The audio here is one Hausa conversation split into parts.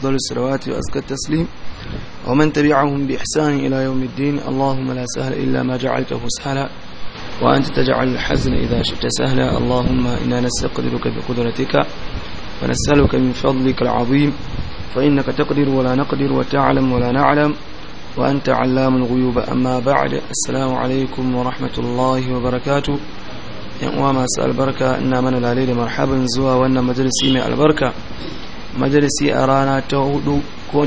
أفضل الصلوات وأزكى التسليم ومن تبعهم بإحسان إلى يوم الدين اللهم لا سهل إلا ما جعلته سهلا وأنت تجعل الحزن إذا شئت سهلا اللهم إنا نستقدرك بقدرتك ونسألك من فضلك العظيم فإنك تقدر ولا نقدر وتعلم ولا نعلم وأنت علام الغيوب أما بعد السلام عليكم ورحمة الله وبركاته وما uwa masu إنا من mana مرحبا da وإنا zuwa wannan البركة majalisi a rana ta hudu ko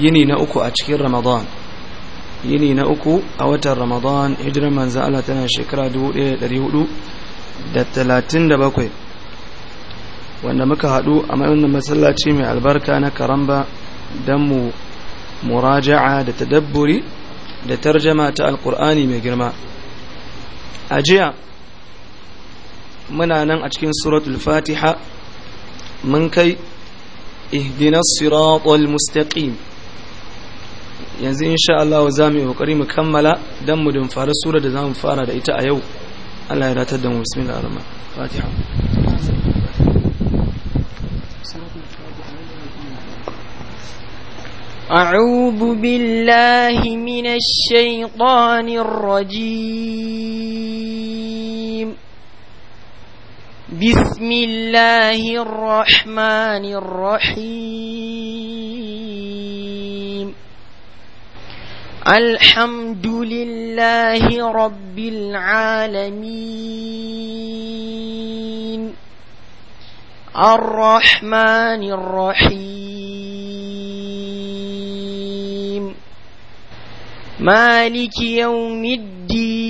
yini na uku a cikin ramadan yini na uku a watan ramadan hijirar manzan Allah tana shekara 1437 wanda muka hadu a wannan masallaci mai albarka na karamba don mu muraja'a da tadabburi da tarjama ta alkur'ani mai girma a jiya muna nan a cikin suratul fatiha mun kai ihdinas siratal mustaqim yanzu insha Allah za mu yi kokari mu kammala dan mu dumfara surar da zamu fara da ita a yau Allah ya ratar da mu bismillahir rahmanir fatiha أعوذ بالله من الشيطان الرجيم بسم الله الرحمن الرحيم الحمد لله رب العالمين الرحمن الرحيم مالك يوم الدين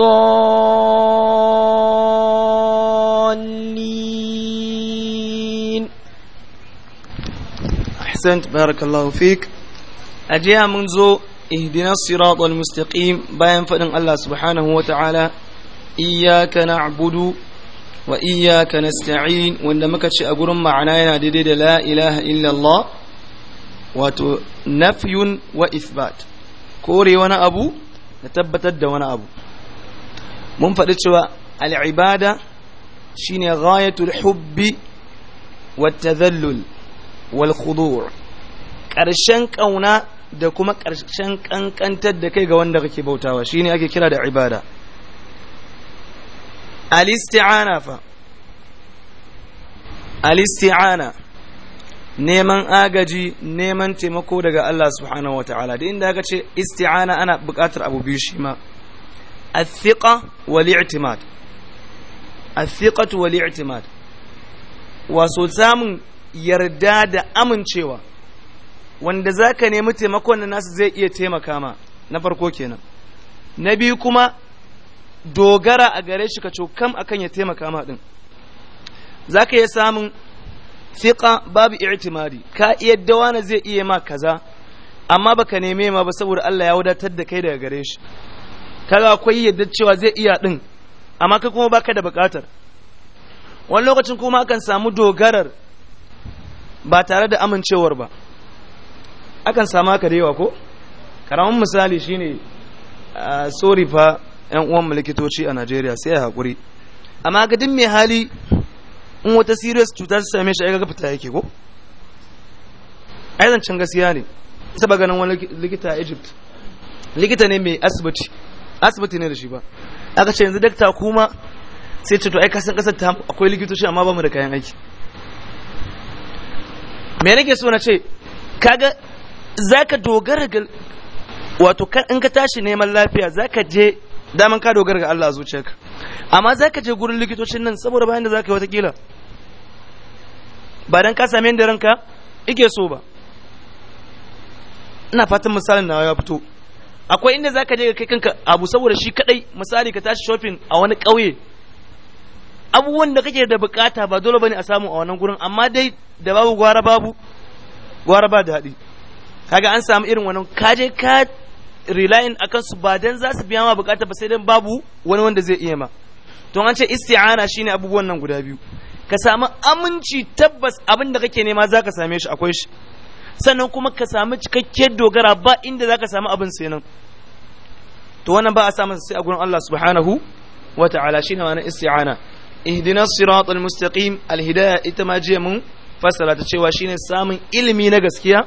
الضالين أحسنت بارك الله فيك أجيها منذ اهدنا الصراط المستقيم بيان فإن الله سبحانه وتعالى إياك نعبد وإياك نستعين وإنما كتش أقول معنا ديد لا إله إلا الله وتنفي وإثبات كوري وانا أبو نتبتد وانا أبو mun faɗi cewa al'ibada shine ghayatul hubbi wata wal khudur ƙarshen ƙauna da kuma ƙarshen ƙanƙantar da kai ga wanda kake bautawa ne ake kira da ibada alisti'ana fa al’isti’ana neman agaji neman taimako daga Allah subhanahu ta'ala da inda aka ce isti'ana ana buƙatar abu biyu shi ma athiqa wal i'timad athiqatu wal i'timad waso samun yarda da amincewa wanda zaka nemi taimakon na nasu zai iya taimaka ma na farko kenan na biyu kuma dogara a gare shi ka cokam akan ya taimaka ma din zaka iya samun fiqa babu i'timadi ka iya na zai iya ma kaza amma baka neme ma ba saboda Allah ya wadatar da kai daga gare shi kaga akwai yadda cewa zai iya din amma kai kuma baka da bukatar wani lokacin kuma akan samu dogarar ba tare da amincewar ba akan samu haka da yawa ko karamin misali shine sorry fa yan uwan mulkitoci likitoci a Najeriya sai ya hakuri amma ga duk mai hali in wata serious cuta ta same shi ai ga fita yake ko ai cin gaskiya ne saboda ganin wani likita Egypt likita ne mai asibiti asibiti ne da shi ba aka ce yanzu dakta kuma sai ce to ai kasan kasar ta akwai likitoci amma ba mu da kayan aiki me nake so na ce kaga zaka dogara ga wato kan in ka tashi neman lafiya zaka je daman ka dogara ga Allah a zuciyarka amma zaka je gurin likitocin nan saboda bayan da zaka yi kila ba dan ka same da ranka yake so ba ina fatan misalin na ya fito akwai inda zaka je kai kanka abu saboda shi kadai misali ka tashi shopping a wani ƙauye abubuwan da kake da bukata ba dole bane a samu a wannan gurin amma dai da babu gwara babu gwara ba da kaga an samu irin wannan kaje ka relying akan su ba dan za su biya ma bukata ba sai dan babu wani wanda zai iya ma to an ce isti'ana shine abubuwan nan guda biyu ka samu aminci tabbas abin da kake nema zaka same shi akwai shi sannan kuma ka samu cikakkiyar dogara ba inda za ka samu abin sayanan to wannan ba a samun sai a gurin Allah subhanahu wa ta'ala shi ne ma'anar isti'ana ihdina siratal mustaqim alhidaya ita ma jiya mun fassara ta cewa shine samun ilimi na gaskiya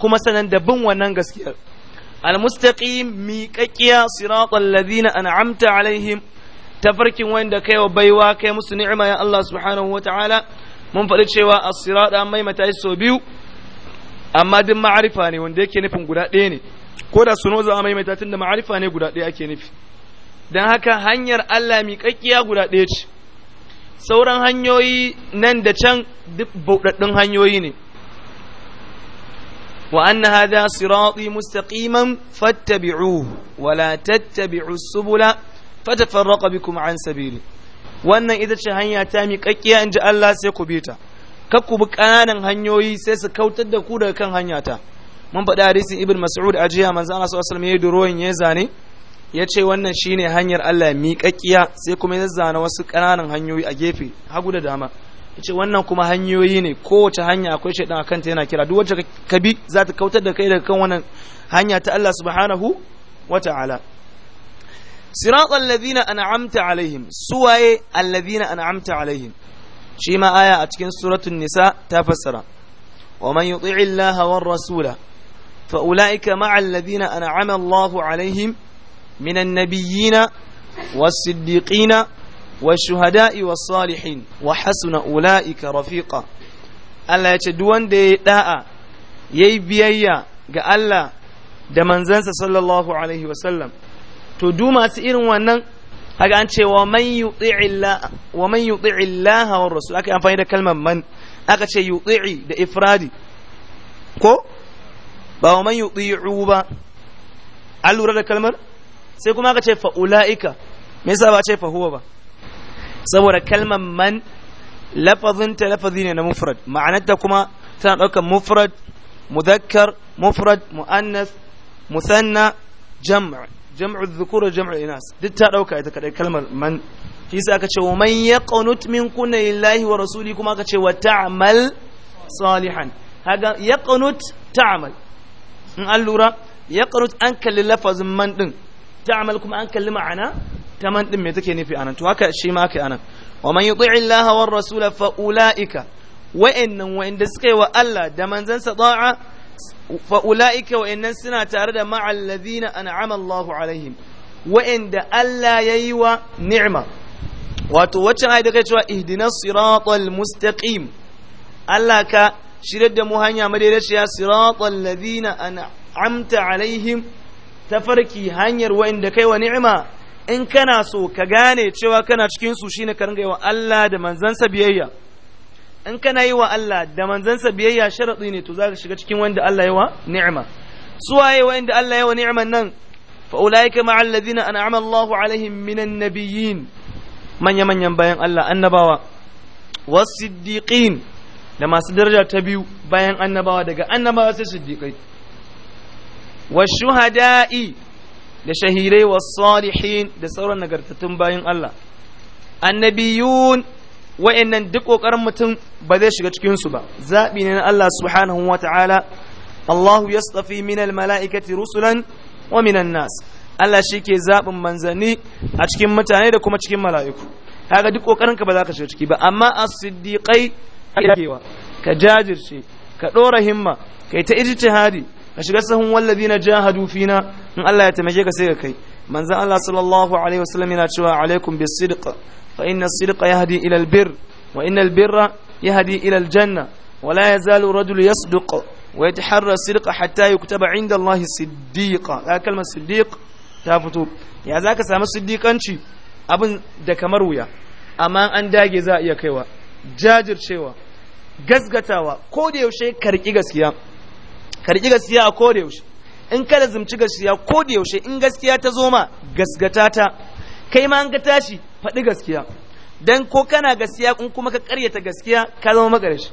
kuma sanan da bin wannan gaskiyar almustaqim miƙaƙiya siratal ladina an'amta alaihim tafarkin wanda kai wa baiwa kai musu ni'ima ya Allah subhanahu wa ta'ala mun faɗi cewa as-sirata mai mata so biyu amma duk ma'arifa ne wanda yake nufin guda ɗaya ne ko da suno zama a maimaita da ma'arifa ne guda ɗaya ake nufi don haka hanyar Allah miƙaƙƙiya guda ɗaya ce sauran hanyoyi nan da can duk bauɗaɗɗun hanyoyi ne wa anna hadha sirati mustaqiman fattabi'uhu wa la tattabi'u subula fatafarraqa bikum an sabili wannan ita ce hanya ta miƙaƙƙiya inji Allah sai ku bi ta kakku bi ƙananan hanyoyi sai su kautar da ku daga kan hanyata mun faɗi hadisin ibn mas'ud a jiya manzo Allah sallallahu alaihi wasallam ya duroyin ya zane ya ce wannan shine hanyar Allah kakkiya sai kuma ya zana wasu ƙananan hanyoyi a gefe hagu da dama ya ce wannan kuma hanyoyi ne kowace hanya akwai shaidan a kanta yana kira duk wacce ka bi za ta kautar da kai daga kan wannan hanya ta Allah subhanahu wa ta'ala siratal ladina an'amta alaihim suwaye alladina an'amta alaihim shi ma aya a cikin suratun nisa ta fassara wa man yuti'i allaha war rasula fa ulaika ma'al ladina an'ama allahu alaihim minan nabiyyina was siddiqina was shuhada'i was salihin wa hasuna ulaika rafiqa Allah ya ce duk wanda ya da'a yayi biyayya ga Allah da manzansa sallallahu alaihi wasallam to du masu irin wannan haka an ce wa man yuti'i Allah wa rasul aka amfani da kalmar man aka ce yuti'i da ifradi ko ba wa man yuti'u ba an lura da kalmar sai kuma aka ce fa ulaika me yasa ba ce fa huwa ba saboda kalmar man lafazin ta lafazi ne na mufrad ma'anarta kuma tana ɗaukar mufrad mudakkar mufrad muannas musanna jam' jam'u dhukura jam'u inas duk ta dauka ita kadai kalmar man shi sai aka ce man yaqnut min kunna lillahi wa rasuli kuma aka ce wa ta'mal salihan haga yaqnut ta'mal in an lura yaqnut an kalli lafazin man din ta'mal kuma an kalli ma'ana ta man din me take nufi anan to haka shi ma kai anan wa man yuti Allah wa rasula fa ulaika wa'annan wa'anda suka yi wa Allah da manzansa da'a fa'ula'ika wa'annan suna tare da ma'allazina an'ama Allahu alaihim wa'anda Allah ya yi wa ni'ima wato waccan ayi da kai cewa ihdinas siratal mustaqim Allah ka shirar da mu hanya madaidaiciya siratal ladina an'amta alaihim tafarki hanyar wa'anda kai wa ni'ima in kana so ka gane cewa kana cikin su shine ka ringa wa Allah da manzansa biyayya in kana yi wa Allah da manzansa biyayya sharaɗi ne to za ka shiga cikin wanda Allah yi wa ni'ima waye wanda Allah yi wa ni'iman nan fa ulaika ma'al ladina an'ama Allahu alaihim minan nabiyyin manya manyan bayan Allah annabawa was siddiqin da masu daraja ta biyu bayan annabawa daga annabawa sai siddiqai Wa shuhada'i da shahirai was salihin da sauran nagartattun bayan Allah annabiyun wa'annan duk kokarin mutum ba zai shiga cikin su ba zabi ne na Allah subhanahu wataala Allahu yastafi min almalaikati rusulan wa minan nas Allah shike zabin manzanni a cikin mutane da kuma cikin mala'iku kaga duk kokarin ka ba za ka shiga ciki ba amma as-siddiqai ka jajirce ka dora himma kai ta ijtihadi ka shiga sahun wallazina jahadu fina in Allah ya taimake ka sai ka kai manzan Allah sallallahu alaihi wasallam yana cewa alaikum bi sidq fa inna ya hadi ila al wa inna albirra birra hadi ila al janna wa la yazalu rajul yasduq wa yataharra sidq hatta yuktaba inda Allah siddiqa ga kalmar siddiq ta fito ya zaka samu siddiqanci abin da kamar wuya amma an dage za a iya kaiwa jajircewa gasgatawa ko da yaushe karki gaskiya karki gaskiya a ko da yaushe in ka lazumci gaskiya ko da yaushe in gaskiya ta zo ma gasgata ta kai ma an ga tashi faɗi gaskiya dan ko kana gaskiya in kuma ka karyata gaskiya ka zama makarishi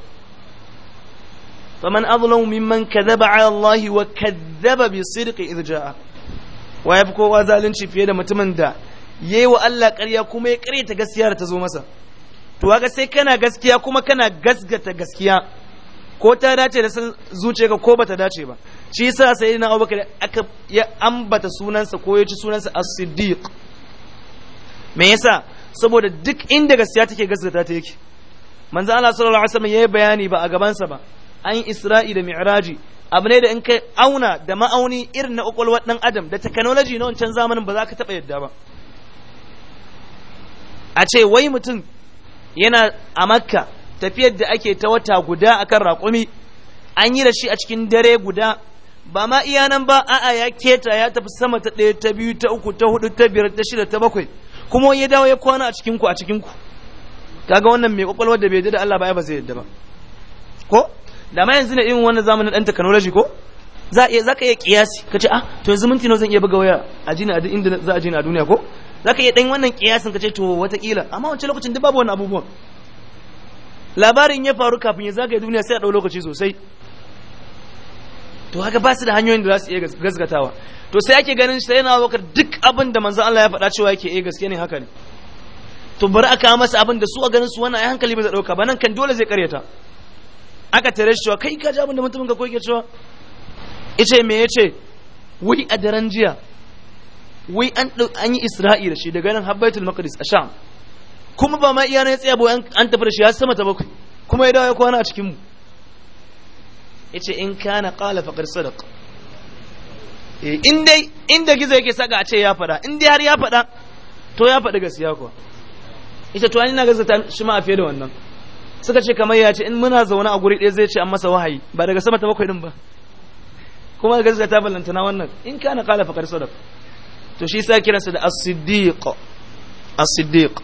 faman azlamu mimman kadhaba ala Allah wa kadhaba bi sidqi idh jaa wa yafi kowa zalunci fiye da mutumin da yayi wa Allah ƙarya kuma ya karyata gaskiya da ta zo masa to kaga sai kana gaskiya kuma kana gasgata gaskiya ko ta dace da san zuce ka ko bata dace ba shi yasa sayyidina na abubakar aka ya ambata sunansa ko ya sunansa as-siddiq me yasa saboda duk inda gaskiya take gaskata ta yake manzo Allah sallallahu alaihi wasallam yayi bayani ba a gabansa ba an isra'i da mi'raji abu ne da in kai auna da ma'auni irin na kwakwalwar dan adam da technology na wancan zamanin ba za ka taba yadda ba a ce wai mutum yana a makka tafiyar da ake ta wata guda akan raƙumi an yi da shi a cikin dare guda ba ma iya nan ba a'a ya keta ya tafi sama ta ɗaya ta biyu ta uku ta hudu ta biyar ta shida ta bakwai kuma ya dawo ya kwana a cikinku a cikinku. kaga wannan mai kwakwalwar da bai yadda da Allah ba ba zai yadda ba ko da ma yanzu ne irin wannan zamanin dan technology ko za iya zaka iya kiyasi ka ce ah to yanzu minti nawa zan iya buga waya a jina a inda za a jina a duniya ko zaka iya ɗan wannan kiyasin ka ce to watakila amma wancan lokacin duk babu wani abubuwan labarin ya faru kafin ya zagaye duniya sai a ɗau lokaci sosai to haka ba su da hanyoyin da za su iya gazgatawa to sai ake ganin sai yana wakar duk abin da manzon Allah ya faɗa cewa yake iya eh, gaske ne haka ne to bari aka masa abin da su a ganin su wannan ai hankali ba zai ɗauka ba nan kan dole zai karyata aka tare shi cewa kai ka ji abin da mutumin ka ke cewa ice me yace wai a daren jiya wai an yi yi da shi daga nan Habbaitul Maqdis a Sham kuma ba ma iya na ya tsaye ba an tafi da shi ya sama ta bakwai kuma ya dawo ya kwana a cikinmu ya ce in kana na faqad sadaqa eh inda gizo yake saka a ce ya fada in dai har ya fada to ya fada gaskiya kuwa ita to an ina gaskata shi ma a fiye da wannan suka ce kamar ya ce in muna zaune a guri ɗaya zai ce an masa wahayi ba daga sama ta bakwai din ba kuma gaskiya ta ballantana wannan in kana kala faƙar sadaka to shi sa kiransa da as-siddiq as-siddiq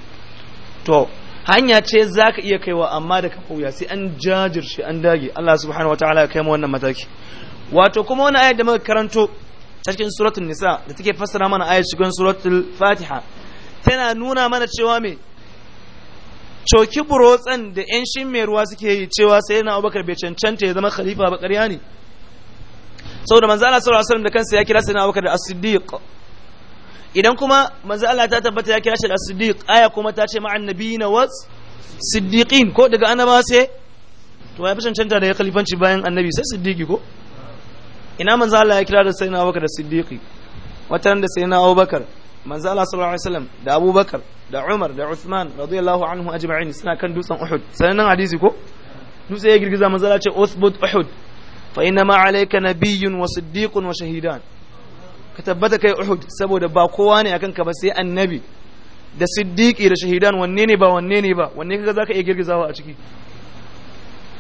to hanya ce za ka iya kaiwa amma da kafa wuya sai an jajirce an dage Allah subhanahu wa ta'ala ya kai mu wannan mataki wato kuma wani ayat da muka karanto cikin suratul nisa da take fassara mana ayat cikin suratul fatiha tana nuna mana cewa me coki burotsan da yan shin mai ruwa suke yi cewa sai na abubakar bai cancanta ya zama khalifa ba ƙarya ne saboda manzo sallallahu alaihi wasallam da kansa ya kira sai na abubakar da as-siddiq idan kuma manzo Allah ta tabbata ya kira shi da siddiq aya kuma ta ce ma'an nabiyina was siddiqin ko daga annaba sai to ya fi cancanta da ya khalifanci bayan annabi sai siddiqi ko ina manzo Allah ya kira da sayyidina Abubakar da siddiqi watan da sayyidina Abubakar manzo Allah sallallahu alaihi wasallam da Abubakar da Umar da Uthman radiyallahu anhu ajma'in suna kan dutsen Uhud sanan hadisi ko dutse ya girgiza manzo Allah ce uthbut Uhud fa inna ma alayka nabiyyun wa siddiqun wa shahidan ka tabbata kai uhud saboda ba kowa ne akan ka ba sai annabi da siddiqi da shahidan wanne ne ba wanne ne ba wanne kaga zaka iya girgizawa a ciki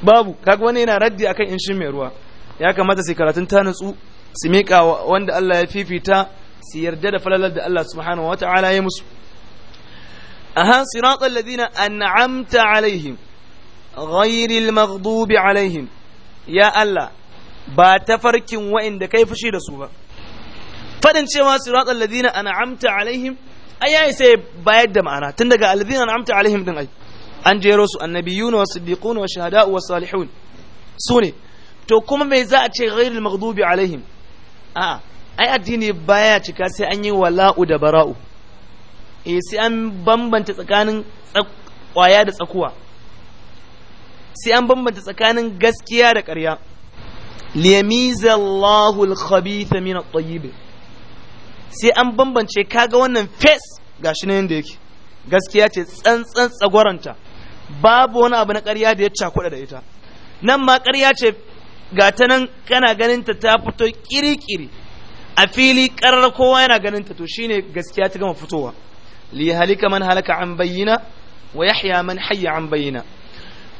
babu kaga wani yana raddi akan in shin mai ruwa ya kamata sai karatun ta nutsu su miƙa wanda Allah ya fifita su yarda da falalar da Allah subhanahu wata'ala ya musu aha siratal ladina an'amta alaihim ghairil maghdubi alaihim ya Allah ba tafarkin wa'inda kai fushi da su ba fadin cewa siratal ladina an'amta alaihim ai yayi sai bayar da ma'ana tun daga alladina an'amta alaihim din ai an jero su annabiyuna wa siddiquna wa shuhada'u wa salihun su to kuma me za a ce ghairul maghdubi alaihim a'a ai addini baya cika sai an yi wala'u da bara'u eh sai an bambanta tsakanin kwaya da tsakuwa sai an bambanta tsakanin gaskiya da ƙarya liyamiza Allahul khabitha min at-tayyib sai an bambance kaga wannan face gashi ne yadda yake gaskiya ce tsantsan tsagwaranta babu wani abu na karya da ya cakuɗa da ita nan ma karya ce ga ta nan kana ganinta ta fito ƙiri-ƙiri a fili ƙarar kowa yana ganinta to shine gaskiya ta gama fitowa li halika man halaka an bayyana wa yahya man hayya an bayyana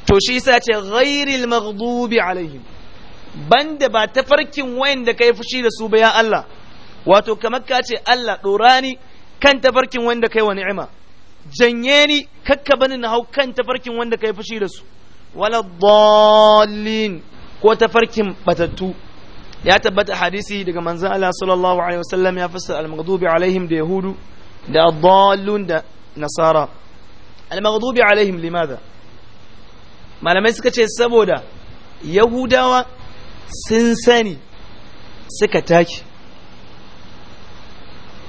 to shi yasa ce ghairil maghdubi alaihim banda ba tafarkin wayanda kai fushi da su ba ya Allah wato kamar ka ce Allah ɗora ni kan tafarkin wanda kai wa ni'ima janye ni kakka bani na hau kan tafarkin wanda kai fushi da su wala dallin ko tafarkin batattu ya tabbata hadisi daga manzon Allah sallallahu alaihi wasallam ya fassara al-maghdubi alaihim da yahudu da dallun da nasara al-maghdubi alaihim limadha malamai suka ce saboda yahudawa sun sani suka taki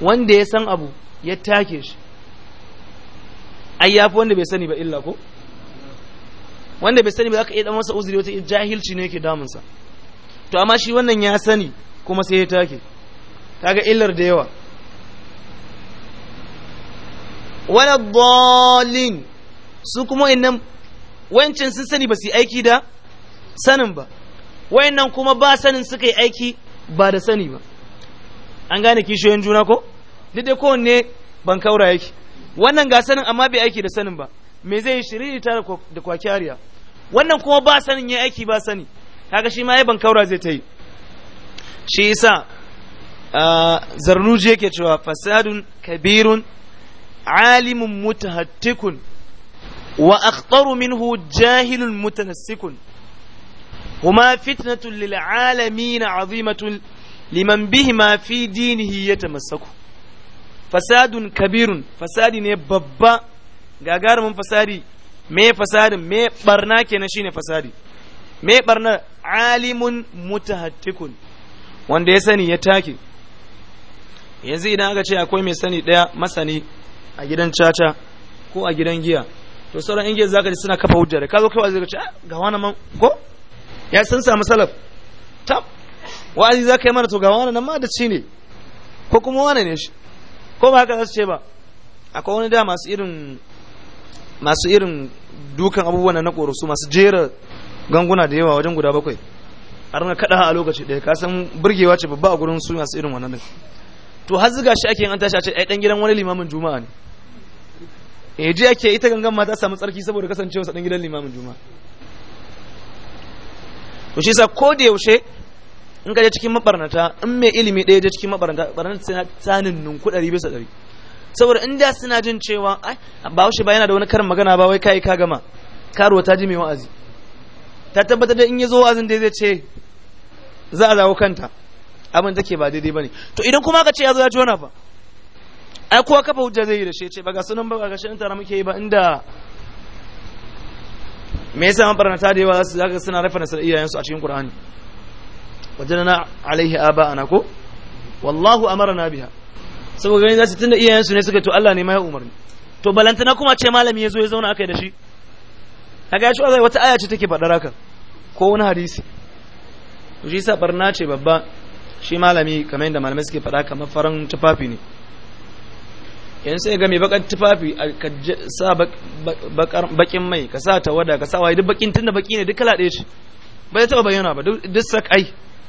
wanda ya san abu ya take shi ai ya fi wanda bai sani ba illa ko wanda bai sani ba za ka iya dan masa uzuri wata jahilci ne yake damunsa to amma shi wannan ya sani kuma sai ya take kaga illar da yawa wala dalin su kuma innan wancin sun sani ba su aiki da sanin ba wayannan kuma ba sanin suka yi aiki ba da sani ba an gane kishiyoyin juna ko duk da kowanne ban kaura yake wannan ga sanin amma bai aiki da sanin ba me zai yi shiriri ta da kwakiyariya wannan kuma ba sanin ya aiki ba sani kaga shi ma ya ban kaura zai ta yi shi isa zarnuji yake cewa fasadun kabirun alimun mutahattikun wa akhtaru minhu jahilun mutanassikun huma fitnatun lil alamin azimatun liman bihi ma fi dinihi ya tamassaku fasadun kabirun fasadi ne babba gagarumin fasadi me fasadin me barna kenan shine fasadi me barna alimun mutahattikun wanda ya sani ya take yanzu idan aka ce akwai mai sani daya masani a gidan caca ko a gidan giya to sauran inge zaka ji suna kafa hujjar kazo kai kawai zaka ce ah, ga wani man ko ya san samu salaf wa'azi za ka yi mana to ga wani nan ma da ne ko kuma wani ne shi ko ba haka za su ce ba akwai wani da masu irin masu irin dukan abubuwan na korosu masu jera ganguna da yawa wajen guda bakwai a ranar kaɗa a lokaci ɗaya ka san burgewa ce babba a gurin su masu irin wannan to har ziga shi ake yin an tashi a ce ɗan gidan wani limamin juma'a ne eh je ake ita gangan ma ta samu tsarki saboda kasancewa sa ɗan gidan limamin juma'a to shi sa ko da yaushe in ka je cikin mabarnata in mai ilimi ɗaya je cikin mabarnata barnata sai ta ninku ɗari bisa ɗari saboda in da suna jin cewa ai ba shi ba yana da wani karin magana ba wai kai ka gama karuwa ta ji mai wa'azi ta tabbatar da in ya zo wa'azin da zai ce za a dawo kanta abin take ba daidai bane to idan kuma ka ce ya zo ya ji wani fa ai kowa kafa hujja zai yi da shi ce ba ga sunan ba ga shirin tara muke yi ba inda me yasa mabarnata da yawa za su suna rafa nasar iyayensu a cikin qur'ani wajadana alaihi ana ko wallahu amarna biha saboda gani zasu tunda su ne suka to Allah ne ma ya umarni to balantana kuma ce malami yazo ya zauna akai da shi kaga shi Allah wata aya ce take fadar haka ko wani hadisi to shi yasa barna ce babba shi malami kamar yadda malamai suke faɗa kamar faran tufafi ne yanzu sai ga mai bakar tufafi ka sa bakin mai ka sa ta wada ka sa wai duk bakin tunda baki ne duk kala ɗaya ce bai taɓa bayyana ba duk sakai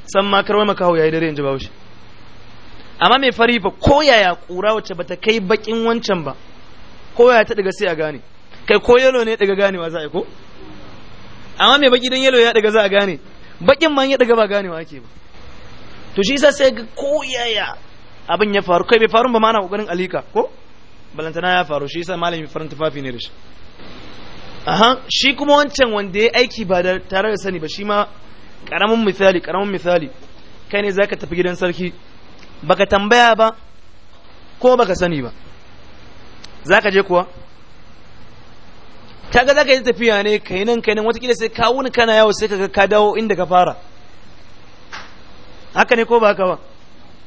san ma karwai makawo yayi dare in ji bahaushe amma mai fari fa ko yaya kura wacce bata kai bakin wancan ba ko yaya ta daga sai a gane kai ko yalo ne daga ganewa za a yi ko amma mai baki dan yalo ya daga za a gane bakin man ya daga ba ganewa ake ba to shi yasa sai ko yaya abin ya faru kai bai faru ba mana kokarin alika ko balantana ya faru shi yasa malami farin tufafi ne da shi aha shi kuma wancan wanda ya aiki ba da tare da sani ba shi ma karamin misali karamin misali kai ne zaka tafi gidan sarki baka tambaya ba ko baka sani ba zaka je kuwa kaga zaka yi tafiya ne kai nan kai nan watakila sai ka ni kana yawo sai kaga ka dawo inda ka fara haka ne ko ba haka ba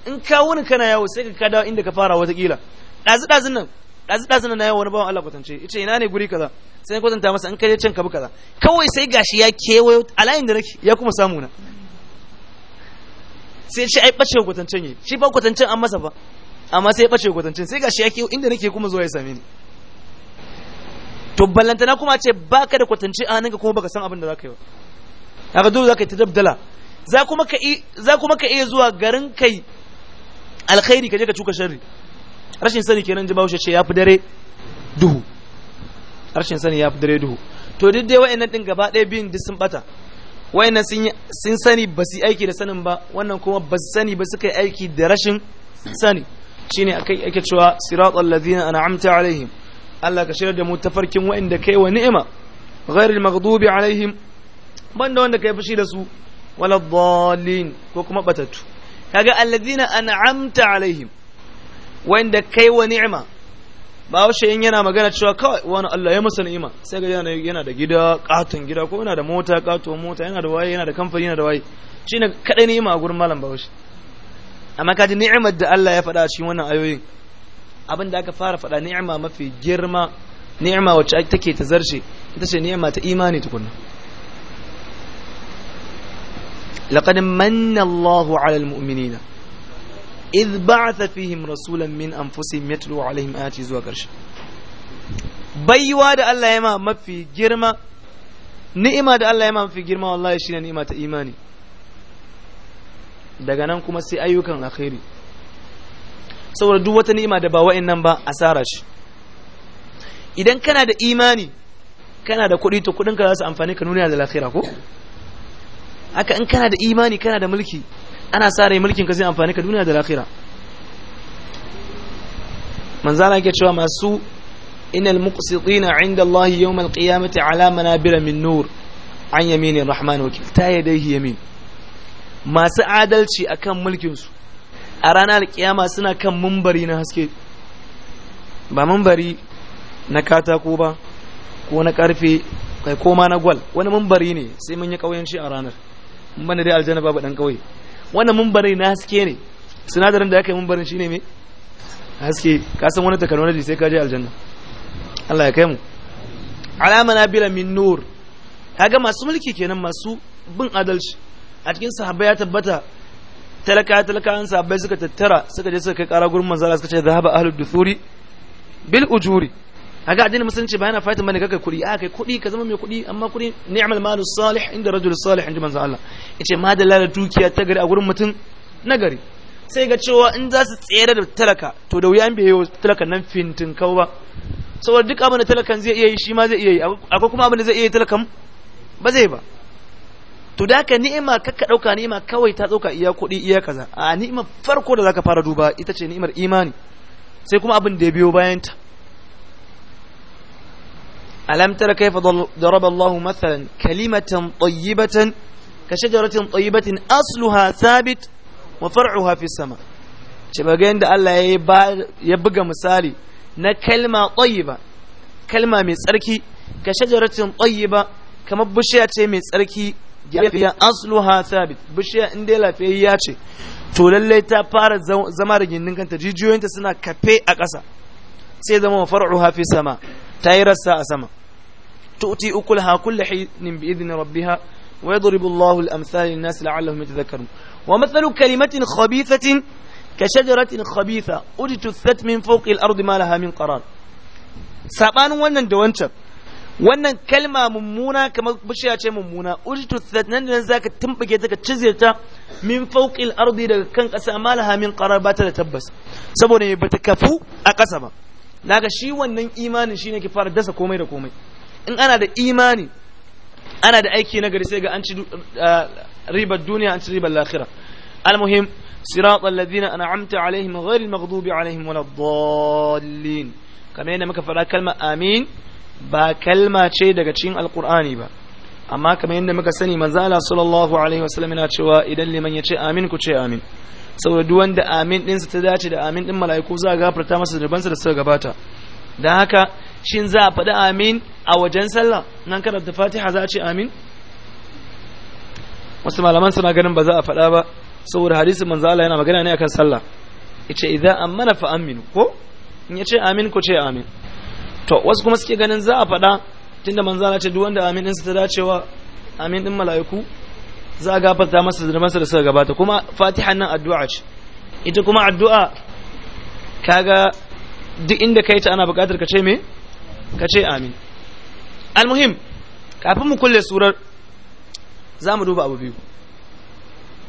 in kawo ni kana yawo sai kaga ka dawo inda ka fara watakila ɗazu ɗazun nan ɗazu na yau wani bawan Allah kwatance ya ce ina ne guri kaza sai ya kwatanta masa in kai can ka bi kaza kawai sai gashi ya kewayo a layin da nake ya kuma samu na sai shi ai bace kwatancen yi shi ba kwatancen an masa ba amma sai ya bace kwatancen sai gashi ya kewayo inda nake kuma zuwa ya same ni to ballantana kuma ce baka da kwatance a hannunka kuma baka san abin da zaka yi ba haka dole zaka yi ta dabdala za kuma ka iya zuwa garin kai alkhairi ka je ka cuka sharri rashin sani kenan ji bahaushe ce ya fi dare duhu rashin sani ya fi dare duhu to duk dai wa'annan din gaba ɗaya biyun duk sun bata wa'annan sun sani ba su aiki da sanin ba wannan kuma ba su sani ba suka yi aiki da rashin sani shine kai ake cewa siratal ladina an'amta alaihim Allah ka shirar da mu tafarkin wa'anda kai wa ni'ima ghairil maghdubi alaihim banda wanda kai fushi da su wala dhalin ko kuma batatu kaga alladina an'amta alaihim wanda kai wa ni'ima ba washe in yana magana cewa kawai wani Allah ya masa ni'ima sai ga yana yana da gida katon gida ko yana da mota katon mota yana da waye yana da kamfani yana da waye shine kadai ni'ima a gurin malam Bahaushe amma kaji ni'imar da Allah ya faɗa cikin wannan ayoyin abin da aka fara faɗa ni'ima mafi girma ni'ima wacce take ta zarce ita ce ni'ima ta imani tukunna laqad manna Allahu 'alal mu'minina iz ba'atha fihim rasulan min anfusihim yatlu alaihim ayati zuwa karshe baiwa da Allah ya ma mafi girma ni'ima da Allah ya ma mafi girma wallahi shine ni'ima ta imani daga nan kuma sai ayyukan akhiri saboda duk wata ni'ima da ba wa'annan ba asara shi idan kana da imani kana da kuɗi to kuɗinka za su amfani ka nuna da lafira ko haka in kana da imani kana da mulki ana sa rai mulkin ka zai amfani ka duniya da lahira manzana yake cewa masu inal muqsitina inda Allah yawm alqiyamati ala manabir min nur an yaminir rahman wakil ta yadaihi yamin masu adalci akan mulkin su a ranar alkiyama suna kan mumbari na haske ba mumbari na katako ba ko na karfe kai koma na gwal wani mumbari ne sai mun yi kauyanci a ranar mun bane dai aljanna babu dan kauye wannan mumbari na haske ne sinadarin da aka yi mumbarin shine me haske ka san wani da sai ka je aljanna Allah ya kai mu alama na bila min nur kaga masu mulki kenan masu bin adalci a cikin sahabbai ya tabbata talaka an sahabbai suka tattara suka je suka kai kara gurin manzala suka ce zahaba ahlud duthuri bil ujuri aga addinin musulunci ba yana fatan bane kaga kudi a kai kudi ka zama mai kudi amma kudi ni'mal malu salih inda rajul salih inda manzo Allah yace ma da lalata dukiya ta gari a gurin mutum nagari sai ga cewa in za su tsere da talaka to da wuya bai yi talakan nan fintin kawo ba saboda duk abin da talakan zai iya yi shi ma zai iya yi akwai kuma abin da zai iya yi talakan ba zai ba to da ka ni'ima kakka dauka ni'ima kawai ta dauka iya kuɗi iya kaza a ni'ima farko da zaka fara duba ita ce ni'imar imani sai kuma abin da ya biyo bayan ta alam tara kaifa daraba Allahu mathalan kalimatan tayyibatan ka shajaratin tayyibatin asluha thabit wa far'uha fi sama ce ba Allah ya buga misali na kalma tayyiba kalma mai tsarki ka shajaratin tayyiba kamar bishiya ce mai tsarki asluha thabit bishiya in dai lafiyayya ce to lallai ta fara zama da gindin kanta jijiyoyinta suna kafe a ƙasa sai zama far'uha fi sama ta yi a sama تؤتي أكلها كل حين بإذن ربها ويضرب الله الأمثال للناس لعلهم يتذكرون ومثل كلمة خبيثة كشجرة خبيثة أجتثت من فوق wannan kalma mummuna kamar bishiya ce mummuna ujtu nan da zaka tumbuke ta ka ta min faukil ardi daga kan kasa malaha min qarar bata da tabbas saboda me bata kafu a kasa ba naga shi wannan imanin shine ki fara dasa komai da komai in ana da imani ana da aiki nagari sai ga an ci eh, ribar duniya an ci ribar lahira almuhim صراط الذين أنعمت عليهم غير المغضوب عليهم ولا الضالين كما muka كفر كلمة amin ba kalma ce daga cikin alqur'ani ba amma kamar yadda muka sani manzo Allah sallallahu alaihi wasallam yana cewa idan liman ya ce amin ku ce amin saboda duk wanda amin din ta dace da amin din mala'iku za a gafarta masa zunubansa da suka gabata dan haka shin za a faɗi amin a wajen sallah nan karanta fatiha za a ce amin wasu malaman suna ganin ba za a faɗa ba saboda hadisin manzo Allah yana magana ne akan sallah yace idan amana fa aminu ko in yace amin ko ce amin to wasu kuma suke ganin za a faɗa tunda manzo Allah ce duk wanda amin din sa ta dacewa amin din mala'iku za a gafarta masa zunubansa da suka gabata kuma fatihan nan addu'a ce ita kuma addu'a kaga duk inda kai ta ana buƙatar ka ce me ka ce amin almuhim kafin mu kulle surar za mu duba abu biyu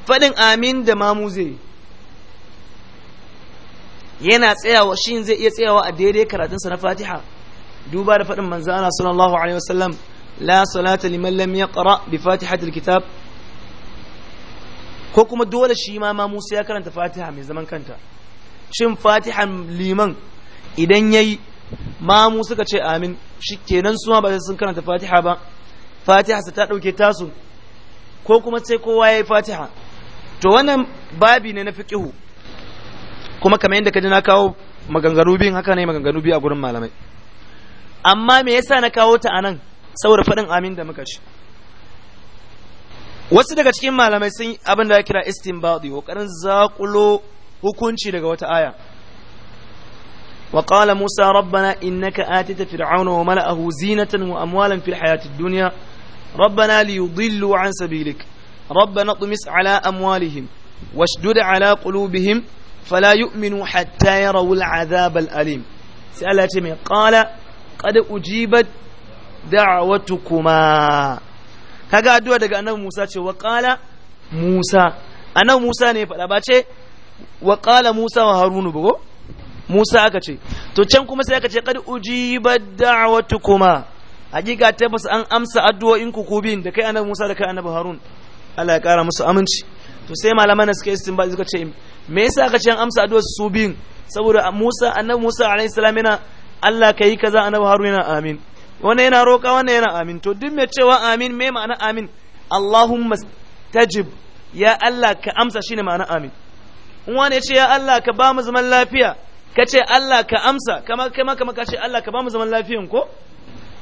faɗin amin da mamu zai yana tsayawa shi zai iya tsayawa a daidai karatunsa na fatiha duba da faɗin manzana sallallahu alaihi wasallam la salata liman lam yaqra bi fatihatil kitab ko kuma dole shi ma Musa ya karanta Fatiha mai zaman kanta shin Fatihan liman idan yayi mamu suka ce amin shi kenan su ma ba sai sun karanta fatiha ba fatiha sai ta ɗauke tasu ko kuma sai kowa ya yi fatiha to wannan babi ne na fiqihu kuma kamar yadda kaji na kawo maganganu biyun haka ne maganganu biyu a gurin malamai amma me yasa na kawo ta anan saboda faɗin amin da muka ci wasu daga cikin malamai sun abin da ya kira istinbadi kokarin zakulo hukunci daga wata aya وقال موسى ربنا إنك آتت فرعون وملأه زينة وأموالا في الحياة الدنيا ربنا ليضلوا عن سبيلك ربنا اطمس على أموالهم واشدد على قلوبهم فلا يؤمنوا حتى يروا العذاب الأليم سألتهم قال قد أجيبت دعوتكما kaga أدوى daga annabi موسى وقال موسى qala موسى وقال موسى وهارون faɗa Musa aka ce to can kuma sai aka ce qad ujibat da'watukuma hakika tabbas an amsa addu'o'in ku kubin da kai annabi Musa da kai annabi Harun Allah ya kara musu aminci to sai malaman da suka istinbat suka ce me yasa aka ce an amsa addu'ar su biyun saboda Musa annabi Musa alaihi salam yana Allah kai kaza annabi Harun yana amin wannan yana roƙa wannan yana amin to duk mai cewa amin me ma'ana amin Allahumma tajib ya Allah ka amsa shine ma'ana amin in wani ya ce ya Allah ka ba mu zaman lafiya ka ce Allah ka amsa kama kama kama ka ce Allah ka ba mu zaman lafiyan ko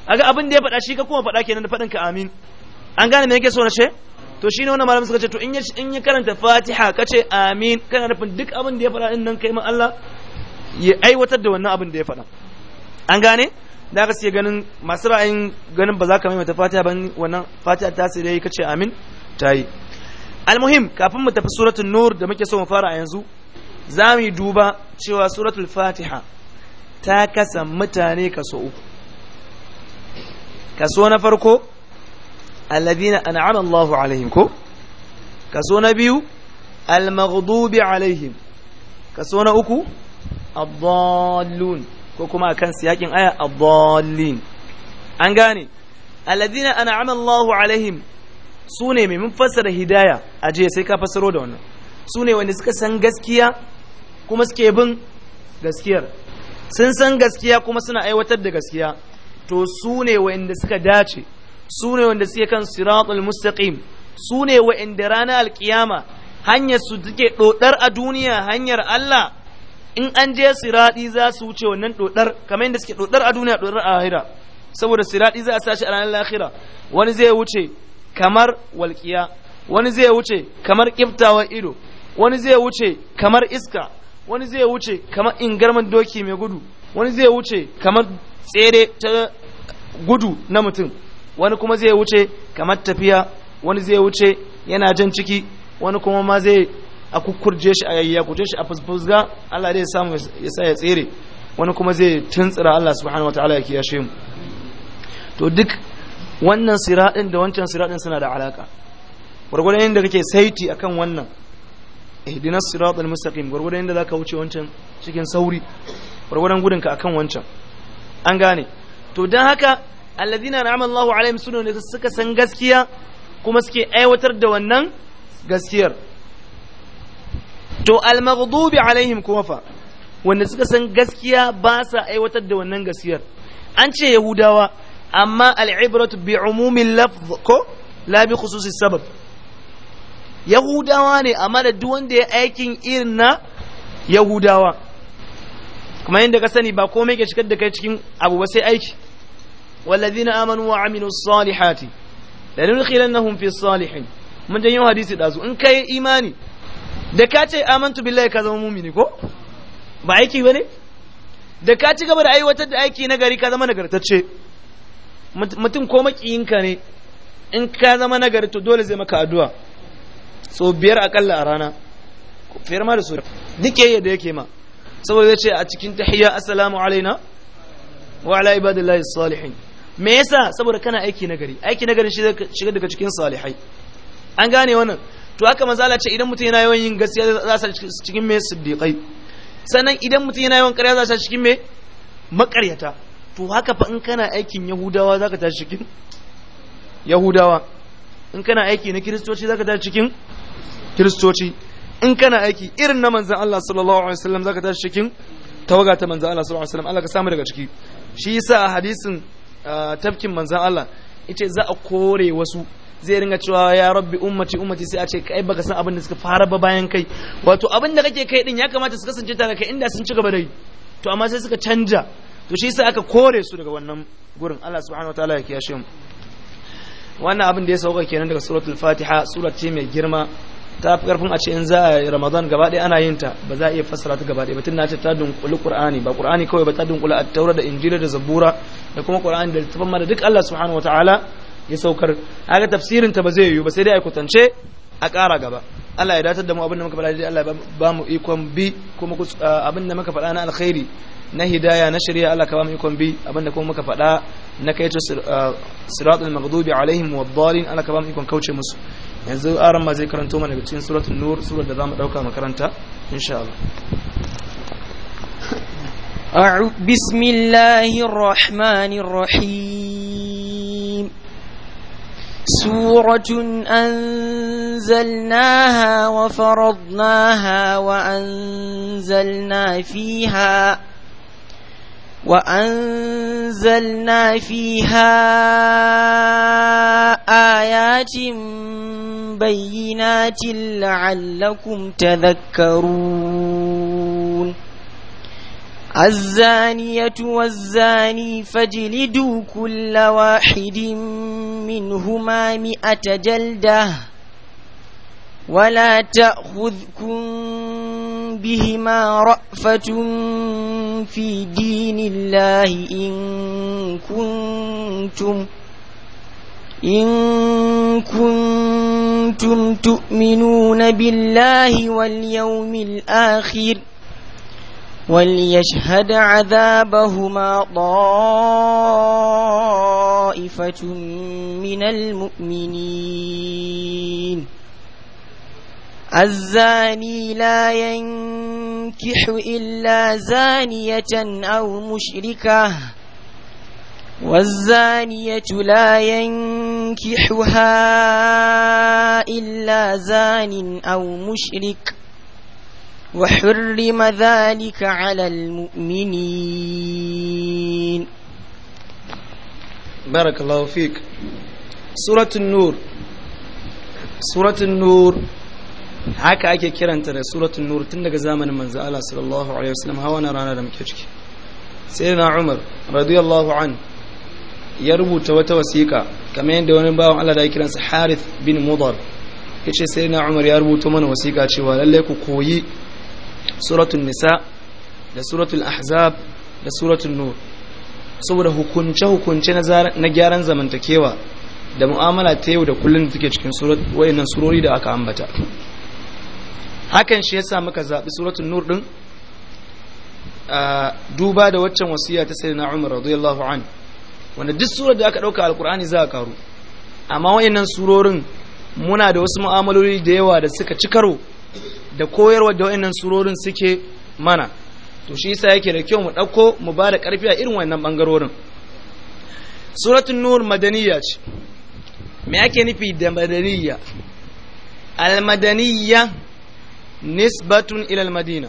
aga abin da ya faɗa shi ka kuma faɗa kenan da faɗin ka amin an gane me yake so na ce to shine wannan malamin suka ce to in ya in ya karanta Fatiha ka ce amin kana nufin duk abin da ya faɗa din nan kai ma Allah ya aiwatar da wannan abin da ya faɗa an gane da ka sai ganin masu ra'ayin ganin ba za ka mata Fatiha ban wannan Fatiha ta sai dai ka ce amin tayi almuhim kafin mu tafi suratul nur da muke so mu fara a yanzu za mu yi duba cewa suratul fatiha ta kasa mutane kaso uku kaso na farko allazina an'ama Allahu alaihim ko kaso na biyu al alaihim kaso na uku ad ko kuma akan siyakin aya ad an gane allazina an'ama Allahu alaihim sune mai mun fassara hidaya aje sai ka fassaro da wannan sune wanda suka san gaskiya kuma suke bin gaskiyar sun san gaskiya kuma suna aiwatar da gaskiya to su ne wa'inda suka dace su ne wa'inda suke kan siratul mustaqim su ne wa'inda ranar alkiyama hanyar su take dodar a duniya hanyar Allah in an je siradi za su wuce wannan dodar kamar yadda suke dodar a duniya dodar a ahira saboda siradi za a sashi a ranar lahira wani zai wuce kamar walkiya wani zai wuce kamar kiftawar ido wani zai wuce kamar iska wani zai wuce kamar ingarman doki mai gudu wani zai wuce kamar tsere ta gudu na mutum wani kuma zai wuce kamar tafiya wani zai wuce yana jan ciki wani kuma ma zai a kukurje shi a yayyakuce shi a fusfusga Allah zai samu ya sa ya tsere wani kuma zai tuntsira Allah subhanahu wataala ya kiyashe mu to duk wannan siradin da wancan siradin suna da alaka gwargwadon yadda kake saiti akan wannan ihdinas siratal mustaqim gurgurdan inda zaka wuce wancan cikin sauri gurgurdan gudun ka akan wancan an gane to dan haka alladhina na'ama Allahu alaihim sunan ne suka san gaskiya kuma suke aiwatar da wannan gaskiyar to al-maghdubi alaihim kuma fa wanda suka san gaskiya ba sa aiwatar da wannan gaskiyar an ce yahudawa amma al-ibratu bi umumin lafz ko la bi khususis sabab yahudawa ne amma da duk wanda ya aikin irin na yahudawa kuma yadda ka sani ba komai ke shigar da kai cikin abu ba sai aiki wallazina amanu wa aminu salihati lanudkhilannahum fi salihin mun janyo hadisi da su in kai imani da ka ce amantu billahi ka zama mumini ko ba aiki bane da ka ci gaba da aiwatar da aiki na gari ka zama nagartacce mutum ko makiyinka ne in ka zama nagari to dole zai maka addu'a so biyar akalla a rana fiyar ma da su duk yayya da yake ma saboda ce a cikin tahiyya assalamu alaina wa ala ibadillahi salihin me yasa saboda kana aiki nagari aiki nagari shi shiga daga cikin salihai an gane wannan to haka manzo Allah ce idan mutum yana yawan yin gaskiya za sa cikin me siddiqai sannan idan mutum yana yawan ƙarya za sa cikin me makaryata to haka fa in kana aikin yahudawa zaka tashi cikin yahudawa in kana aiki na kiristoci zaka tashi cikin kiristoci in kana aiki irin na manzan Allah sallallahu alaihi wasallam zaka tashi cikin tawaga ta manzan Allah sallallahu alaihi wasallam Allah ka samu daga ciki shi yasa a hadisin tafkin manzan Allah ita za a kore wasu zai ringa cewa ya rabbi ummati ummati sai a ce kai baka san abin da suka fara ba bayan kai wato abin da kake kai din ya kamata su kasance tare kai inda sun ci gaba da yi to amma sai suka canja to shi yasa aka kore su daga wannan gurin Allah subhanahu wataala ya kiyashe mu wannan abin da ya sauka kenan daga suratul fatiha sura ce mai girma ta fi karfin a ce in za a ramadan gaba ɗaya ana yin ta ba za a iya fassara ta gaba ɗaya ba tunda ce ta dunkuli qur'ani ba qur'ani kawai ba ta dunkuli at-taura da injila da zabura da kuma qur'ani da littafin da duk Allah subhanahu wataala ya saukar haka tafsirin ta ba zai yiwu ba sai dai a kutance a ƙara gaba Allah ya datar da mu abin da muka faɗa dai Allah ba mu ikon bi kuma abin da muka faɗa na alkhairi na hidaya na shari'a Allah ka ba mu ikon bi abin da kuma muka faɗa na kaito siratul maghdubi alaihim wad-dallin Allah ka ba mu ikon kauce musu yanzu aran ma zai karanto mana daga cikin suratul nur surar da zamu dauka makaranta insha Allah بسم الله suratun anzalnaha wa faradnaha wa anzalna fiha وأنزلنا فيها آيات بينات لعلكم تذكرون الزانية والزاني فاجلدوا كل واحد منهما مئة جلده ولا تأخذكم بهما رأفة في دين الله إن كنتم إن كنتم تؤمنون بالله واليوم الآخر وليشهد عذابهما طائفة من المؤمنين الزاني لا ينكح إلا زانية أو مشركة والزانية لا ينكحها إلا زان أو مشرك وحرم ذلك على المؤمنين بارك الله فيك سورة النور سورة النور haka ake kiranta da suratun nur tun daga zamanin manzo Allah sallallahu alaihi wasallam hawa na rana da muke ciki sai na Umar radiyallahu an ya rubuta wata wasiƙa kamar yadda wani bawan Allah da ya kiransa Harith bin Mudar yace sai na Umar ya rubuta mana wasiƙa cewa lalle ku koyi suratul nisa da suratul ahzab da suratul nur saboda hukunce hukunce na gyaran zamantakewa da mu'amala ta yau da kullun da take cikin wayannan surori da aka ambata hakan shi yasa muka zaɓi suratun nur ɗin duba da waccan wasiya ta sayyidina na umar radiyallahu an wanda duk sura da aka ɗauka alkur'ani za a karu amma wayannan surorin muna da wasu mu'amaloli da yawa da suka ci karo da koyarwa da wayannan surorin suke mana to shi yasa yake da kyau mu ɗauko mu ba da ƙarfi a irin wannan ɓangarorin suratun nur madaniya ce me ake nufi da madaniya al-madaniya nisbatun ilal madina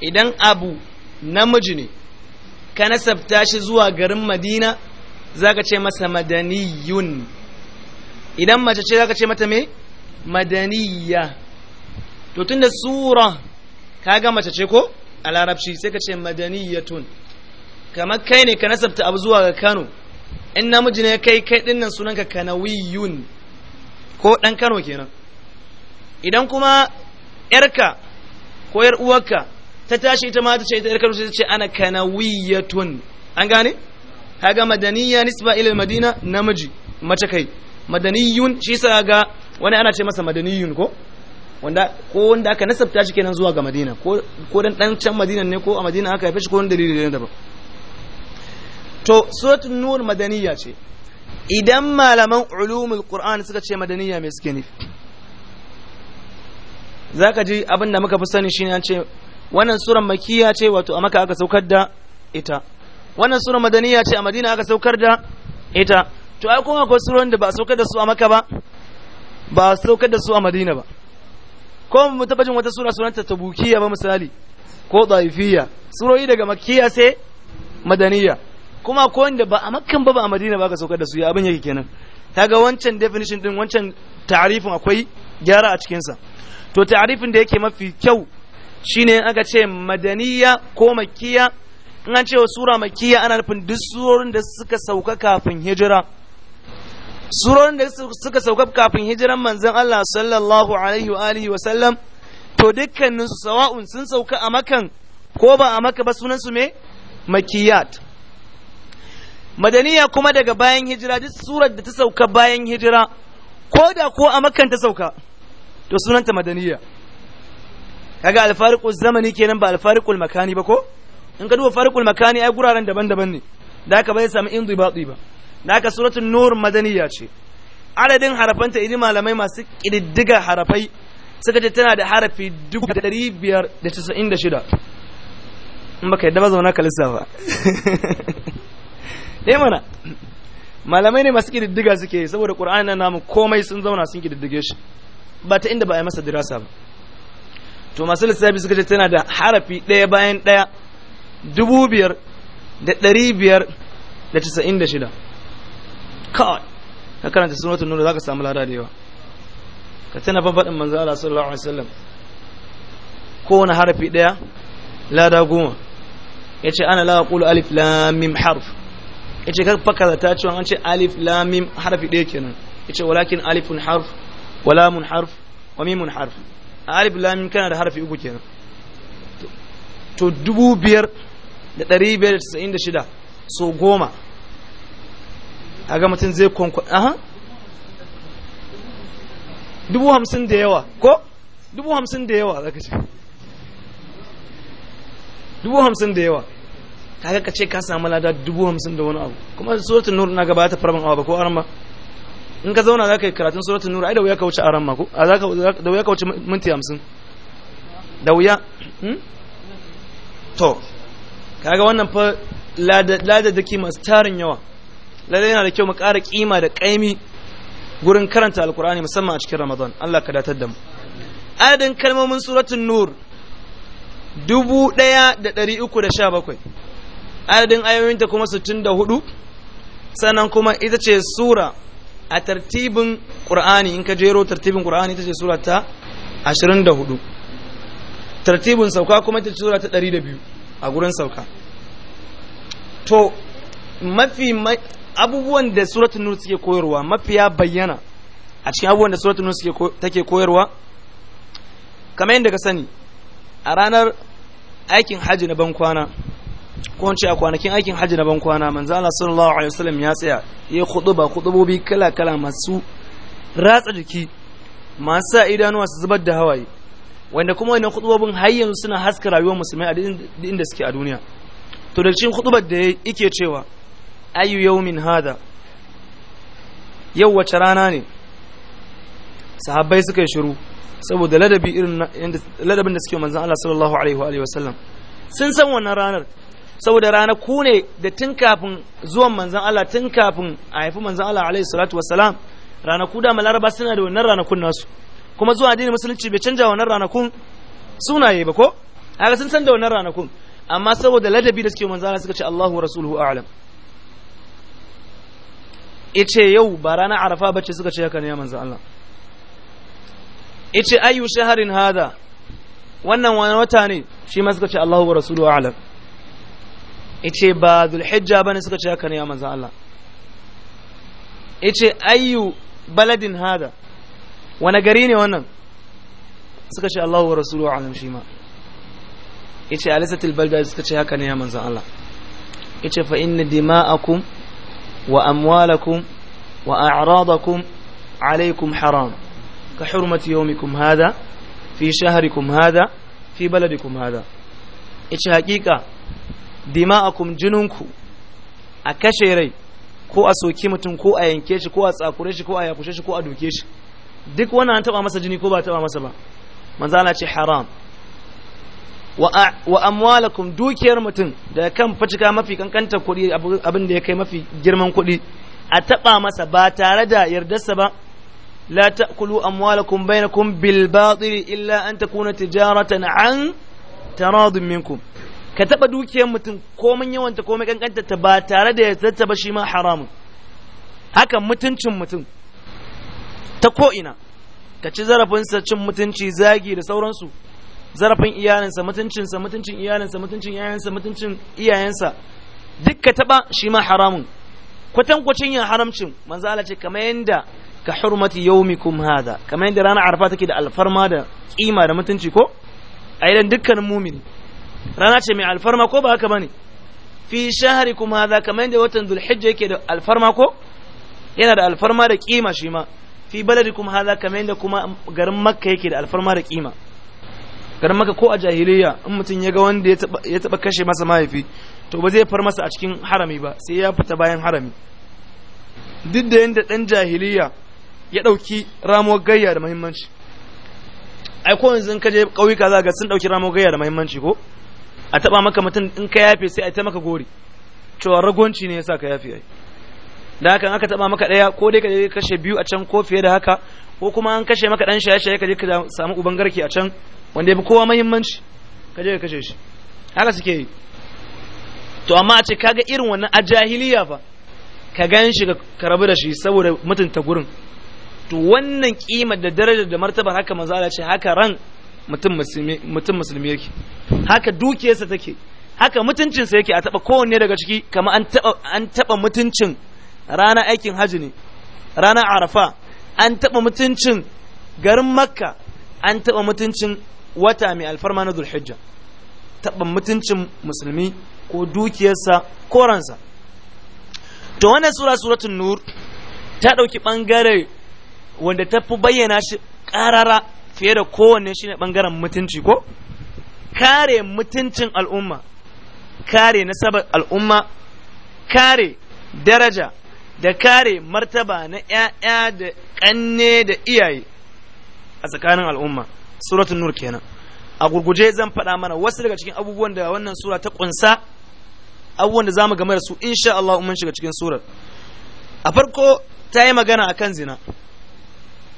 idan abu namiji ne ka nasabta shi zuwa garin madina za ka ce masa madaniyun idan mace ce za ka ce mata me madaniya to tun da sura ka ga mace ce ko a larabci sai ka ce madaniyatun kamar kai ne ka nasabta abu zuwa ga kano in namiji ne kai kai dinnan sunanka kanawiyun ko dan kano kenan idan kuma ‘yarka ko ‘yar uwarka ta tashi ita ma ta ce ita ‘yarka ta ce ana kanawiyatun an gane? haga madaniya nisba ilil madina namiji mace kai madaniyun shi sa ga wani ana ce masa madaniyun ko wanda ko wanda aka nasabta shi kenan zuwa ga madina ko ko dan dan can madina ne ko a madina aka haife shi ko wani dalili ne daban to suratul nur madaniya ce idan malaman ulumul qur'an suka ce madaniya me suke nufi Za ka ji abin da muka fi sani shi an ce wannan suran makiya ce wato a maka aka saukar da ita wannan suran madaniya ce a madina aka saukar da ita to ai kuma akwai suran da ba a saukar da su a maka ba ba a saukar da su a madina ba ko mu tabbacin jin wata sura sunanta tabukiya ba misali ko daifiya surori daga makiya sai madaniya kuma ko wanda ba a makkan ba ba a madina ba ka saukar da su ya abin yake kenan kaga wancan definition din wancan ta'arifin akwai gyara a cikinsa to ta'arifin da yake mafi kyau shine in aka ce madaniya ko makiya in an ce wa sura makiya ana nufin duk surorin da suka sauka kafin hijira surorin da suka sauka kafin hijiran manzon Allah sallallahu alaihi wa alihi wa sallam to dukkanin su sawa'un sun sauka a makan ko ba a maka ba sunan su me makiyat madaniya kuma daga bayan hijira duk surar da ta sauka bayan hijira ko da ko a makan ta sauka to sunanta madaniya kaga alfariqul zamani kenan ba alfariqul makani ba ko in ka duba fariqul makani ai guraren daban-daban ne da haka bai samu indibati ba da haka suratul nur madaniya ce adadin harafanta idan malamai masu kididdiga harafai suka ce tana da harafi 596 in baka yadda ba zauna ka lissafa ne eh mana malamai ne masu kididdiga suke saboda qur'ani na namu komai sun zauna sun kididdige shi ba ta inda ba a yi masa dirasa ba to masu lissafi suka ce tana da harafi ɗaya bayan ɗaya dubu biyar da ɗari biyar da casa'in da shida kawai ka karanta sunatun nuna za ka samu lada da yawa ka tana faɗin manzo Allah sallallahu alaihi wasallam kowane harafi ɗaya lada goma ya ce ana lawa ƙulu alif lamim harf ya ce ka kaza ta cewa an ce alif lamim harafi ɗaya kenan ya ce walakin alifun harf wala mun harf wa mimun harf a alif lam kana da harfi uku kenan to dubu so goma a ga mutum zai kwankwa aha dubu da yawa ko dubu da yawa za ka ce dubu da yawa kaga ka ce ka samu lada dubu da wani abu kuma suratul nur na gaba ta farban awa ba ko arma in ka zauna za ka yi karatun suratun nura ai da wuya ka wuce aran mako da wuya ka wuce minti hamsin da wuya hmm? to kaga wannan fa da ke masu tarin yawa lada yana da kyau mu ƙara kima da ƙaimi gurin karanta alkur'ani musamman a cikin ramadan allah ka datar da mu adadin kalmomin suratun nur dubu ɗaya da ɗari uku da sha bakwai adadin ayoyinta kuma sittin da hudu sannan kuma ita ce sura a tartibin qur'ani in ka jero tartibin qur'ani ita ce sura ta 24 tartibin sauka kuma ita ce sura ta 102 a gurin sauka to mafi abubuwan da suratul nur suke koyarwa mafiya bayyana a cikin abubuwan da suratul nur suke take koyarwa kamar yadda ka sani a ranar aikin hajji na bankwana ko ce a kwanakin aikin hajji na ban kwana manzo Allah sallallahu alaihi wasallam ya tsaya ya khutuba khutubobi kala kala masu ratsa jiki masu sa idanuwa su zubar da hawaye wanda kuma wannan khutubobin har yanzu suna haska rayuwar musulmai a duk inda suke a duniya to da cikin khutubar da yake cewa ayu yawmin hada yau wace rana ne sahabbai suka yi shiru saboda ladabi irin ladabin da suke manzo Allah sallallahu alaihi wa alihi wasallam sun san wannan ranar saboda rana ku ne da tun kafin zuwan manzan Allah tun kafin a haifi manzan Allah alaihi salatu wassalam ranaku da malaraba suna da wannan ranakun nasu kuma zuwa addinin musulunci bai canja wannan ranakun sunaye ba ko haka sun san da wannan ranakun amma saboda ladabi da suke manzan Allah suka ce Allahu wa rasuluhu a'lam ice yau ba rana arafa bace suka ce haka ne ya manzan Allah ice ayu shaharin hada wannan wani wata ne shi ma suka ce Allahu wa rasuluhu a'lam ice ba zulhijja bane suka ce haka ne ya manzan Allah ice ayyu baladin hada wani gari ne wannan suka ce Allahu wa rasuluhu alam shi ma yace alisatul balda suka ce haka ne ya manzan Allah yace fa inna dima'akum wa amwalakum wa a'radakum alaykum haram ka hurmati yawmikum hada fi shahrikum hada fi baladikum hada ice hakika dima'akum jininku a kashe rai ko a soki mutum ko a yanke shi ko a tsakure shi ko a yakushe shi ko a doke shi duk wannan an taba masa jini ko ba taba masa ba manzo ce haram wa amwalakum dukiyar mutum da kan fucika mafi kankantar kuɗi abin da ya kai mafi girman kuɗi a taba masa ba tare da yardarsa ba la ta'kulu amwalakum bainakum bil batil illa an takuna tijaratan an taradun minkum ka taɓa dukiyar mutum komai yawanta komai kankanta ta ba tare da ya ba shi ma haramun hakan mutuncin mutum ta ko'ina ka ci zarafinsa cin mutunci zagi da sauransu zarafin iyalinsa mutuncinsa mutuncin iyalinsa mutuncin iyayensa mutuncin iyayensa duk ka taɓa shi ma haramun kwatankwacin yin haramcin manzo Allah ce kamar yanda ka hurmati yaumikum hada kamar yanda ranar arfa take da alfarma da kima da mutunci ko a idan dukkanin mumini rana ce mai alfarma ko ba haka bane fi shahari kuma za kamar yadda watan dhulhijja yake da alfarma ko yana da alfarma da kima shi ma fi baladi kuma hadha kamar yadda kuma garin makka yake da alfarma da kima garin makka ko a jahiliya in mutum ya ga wanda ya taba kashe masa mahaifi to ba zai far masa a cikin harami ba sai ya fita bayan harami duk da yadda dan jahiliya ya dauki ramuwar gayya da muhimmanci ai ko yanzu in ka je kauyuka za ga sun dauki ramuwar gayya da muhimmanci ko a taba maka mutum in ka yafe sai a ta maka gori cewa ragonci ne yasa ka yafe da haka aka taba maka daya ko dai ka je kashe biyu a can ko fiye da haka ko kuma an kashe maka dan shaye shaye ka je ka samu uban garki a can wanda yafi kowa muhimmanci ka je ka kashe shi haka suke yi to amma a ce kaga irin wannan ajahiliya fa ka gan shi ka rabu da shi saboda mutunta gurin to wannan kima da darajar da martaba haka manzo Allah ce haka ran mutum musulmi yake haka dukiyarsa take haka mutuncinsa yake a taba kowanne daga ciki kama an taba mutuncin rana aikin hajji ne rana arafa an taba mutuncin garin makka an taba mutuncin wata mai alfarma na zulhijja taba mutuncin musulmi ko dukiyarsa ko ransa to wannan sura suratun nur ta ɗauki ɓangare wanda ta fi bayyana shi ƙarara. fiye da kowanne shine bangaren mutunci ko kare mutuncin al'umma kare nasabar al'umma kare daraja da kare martaba na ‘ya'ya da ƙanne da iyaye a tsakanin al'umma suratun nur kenan a gurguje zan faɗa mana wasu daga cikin abubuwan da wannan sura ta ƙunsa abubuwan da za mu game da su insha Allah mun shiga cikin surar a farko ta yi magana a kan zina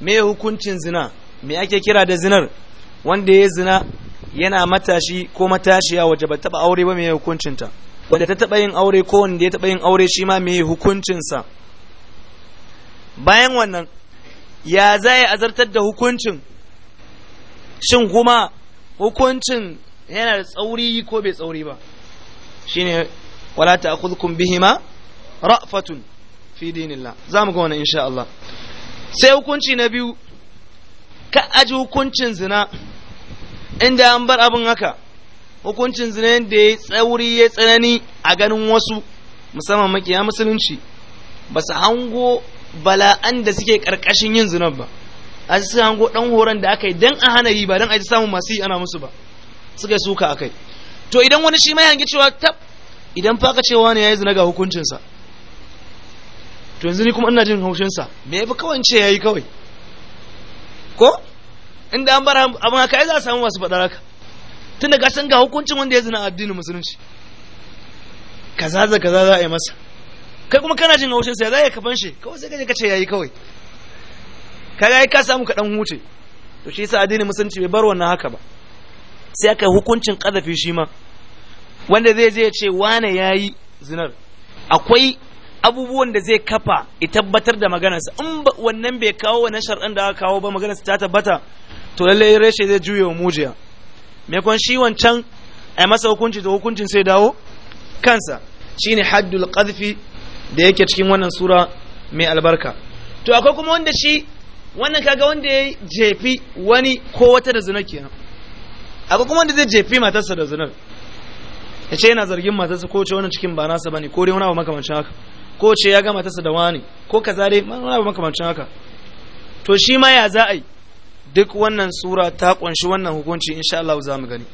me hukuncin zina me ake kira da zinar wanda ya zina yana matashi ko matashiya waje ba taba aure ba mai hukuncinta wanda ta taba yin aure ko wanda ya taba yin aure shi ma mai hukuncinsa bayan wannan ya za a azartar da hukuncin shin kuma hukuncin yana da tsauri ko bai tsauri ba shine wala ta'khudhukum bihima ra'fatun fi dinillah zamu ga wannan insha Allah sai hukunci na biyu ka aji hukuncin zina inda an bar abin haka hukuncin zina yadda ya tsauri ya tsanani a ganin wasu musamman makiya musulunci ba su hango bala'an da suke karkashin yin zina ba a su hango dan horon da aka yi dan a hana yi ba dan a ji samun masu yi ana musu ba suka yi suka akai to idan wani shi mai hangi cewa tab idan faka cewa ne ya zina ga hukuncinsa to yanzu ni kuma ina jin sa me ya fi kawai ce ya yi kawai ko inda an bar amma haka ai za a samu masu faɗar haka tunda ga san ga hukuncin wanda ya zina addinin musulunci kaza za kaza za a yi masa kai kuma kana jin haushin sai za ya kafan shi kawai sai kaje kace yayi kawai kaga ai ka samu ka dan huce to shi yasa addinin musulunci bai bar wannan haka ba sai aka hukuncin kadafi shi ma wanda zai je ya ce wane yayi zinar akwai abubuwan da zai kafa ya tabbatar da maganarsa in wannan bai kawo wannan sharɗin da aka kawo ba maganarsa ta tabbata to lallai reshe zai juye wa mujiya me kon shi wancan a masa hukunci da hukuncin sai dawo kansa shine haddul qadhfi da yake cikin wannan sura mai albarka to akwai kuma wanda shi wannan kaga wanda ya jefi wani ko wata da zina kenan akwai kuma wanda zai jefi matarsa da zinar ya ce yana zargin matarsa ko ce wannan cikin ba nasa bane ko dai wani abu makamancin haka ko ce ya gama tasa da wani ko kaza dai wani abu makamancin haka to shi ma ya za a yi duk wannan sura ta kunshi wannan hukunci insha Allah za mu gani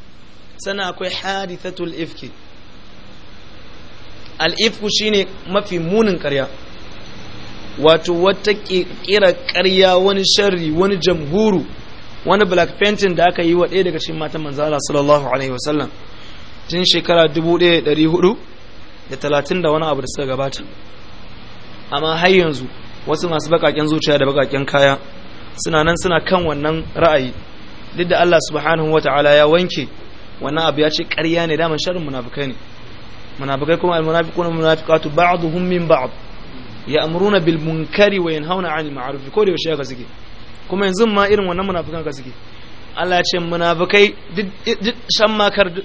sannan akwai hadithatul ifki al-ifku shine mafi munin ƙarya wato wata kira ƙarya wani sharri wani jamhuru wani black painting da aka yi wa ɗaya daga cikin matan manzo Allah sallallahu alaihi wasallam tun shekara da talatin da wani abu da suka gabata amma har yanzu wasu masu bakaken zuciya da bakaken kaya suna nan suna kan wannan ra'ayi duk da Allah subhanahu wata'ala ya wanke wannan abu ya ce ƙarya ne daman sharrin munafikai ne munafikai kuma almunafiquna munafiqatu ba'dhum min ba'd ya'muruna bil munkari wa yanhauna 'anil ma'ruf ko da yaushe haka suke kuma yanzu ma irin wannan munafikan ka suke Allah ya ce munafikai duk shan makar duk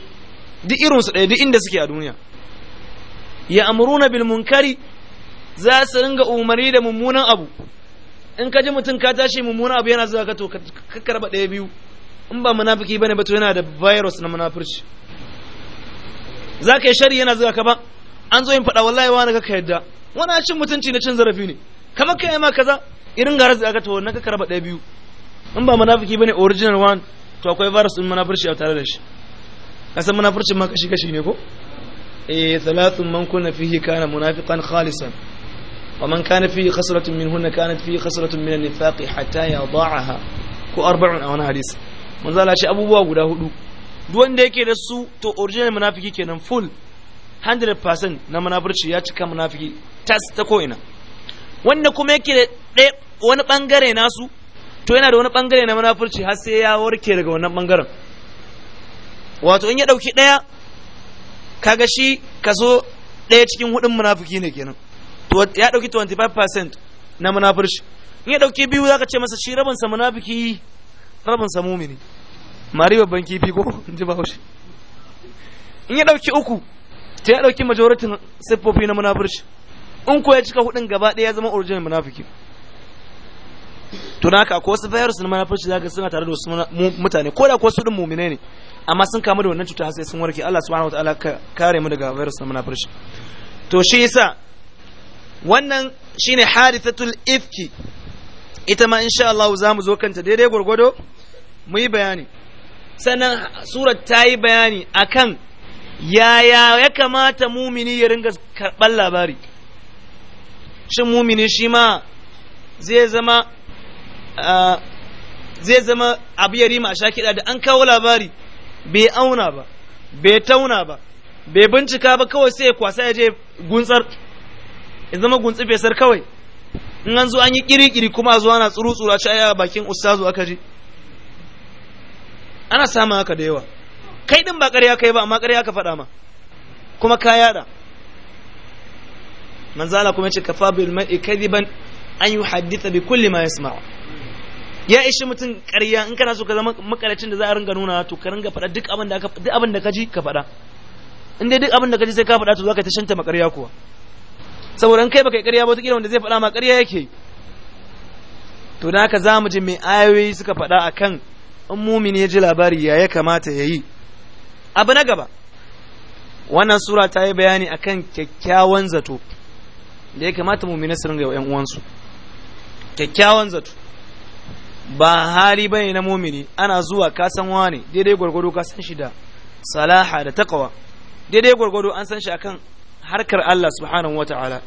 irin su ɗaya duk inda suke a duniya ya'muruna bil munkari za su ringa umarni da mummunan abu in ka ji mutum ka tashi mummunan abu yana zuwa ka to ka karba ɗaya biyu in ba munafiki bane ba to yana da virus na munafurci za ka yi shari yana zuwa ka ba an zo yin faɗa wallahi wani ka yadda wani cin mutunci na cin zarafi ne kamar ka yi ma kaza irin gara zuwa ka to na ka karba ɗaya biyu in ba munafiki bane original one to akwai virus din munafurci a tare da shi Ka san munafurcin ma kashi kashi ne ko eh thalathun man kunna fihi kana munafiqan khalisan ومن كان فيه خسرة منهن كانت فيه خسرة من النفاق حتى يضاعها ko arba'un a wani hadisi manzo Allah abubuwa guda hudu duk wanda yake da su to original munafiki kenan ful 100% na munafurci ya cika munafiki tas ta ko wanda kuma yake da wani bangare nasu to yana da wani bangare na munafurci har sai ya warke daga wannan bangaren wato in ya dauki daya kaga shi kaso daya cikin hudun munafiki ne kenan ya dauki 25% na munafurci in ya dauki biyu zaka ce masa shi rabin sa munafiki rabin sa mumini mari babban kifi ko in ji bahaushe in ya dauki uku ta ya dauki majoritin siffofi na munafurci in ko ya cika hudun gaba ɗaya ya zama original munafiki to naka ko wasu virus na munafurci zaka suna tare da wasu mutane ko da ko su din mu'mine ne amma sun kamu da wannan cuta har sai sun warke Allah subhanahu wataala ka kare mu daga virus na munafurci to shi yasa wannan shine harithatul ifki ita ma insha Allah za mu zo kanta daidai gwargwado mu yi bayani sannan surat ta yi bayani akan yaya ya kamata mumini ya ringa karɓar labari shin mumini shi ma zai zama zai zama abu ya rima a sha kiɗa da an kawo labari bai auna ba bai tauna ba bai bincika ba kawai sai ya kwasa ya je gunsar ya zama guntsi fesar kawai in an zo an yi kiri-kiri kuma a na ana tsuru tsura ci a bakin ustazu aka ji ana samun haka da yawa kai din ba ƙarya kai ba amma ƙarya ka faɗa ma kuma ka yada manzala kuma ce kafa bil mar'i kadiban an haditha bi kulli ma yasma'u ya ishi mutum ƙarya in kana so ka zama makalacin da za a ringa nuna to ka ringa faɗa duk abin da ka duk abin da ka ji ka faɗa in dai duk abin da ka ji sai ka faɗa to zaka ta shanta makarya kuwa saboda kai baka yi ƙarya ba wataƙila wanda zai faɗa ma ƙarya yake to da haka za mu ji mai ayoyi suka faɗa a kan in mumin ya ji labari ya ya kamata ya yi abu na gaba wannan sura ta yi bayani a kan kyakkyawan zato da ya kamata mumin su ringa yan uwansu kyakkyawan zato ba hali ba ne na mumini ana zuwa kasan wane daidai gwargwado kasan shi da salaha da takawa daidai gwargwado an san shi akan harkar Allah subhanahu wa wataala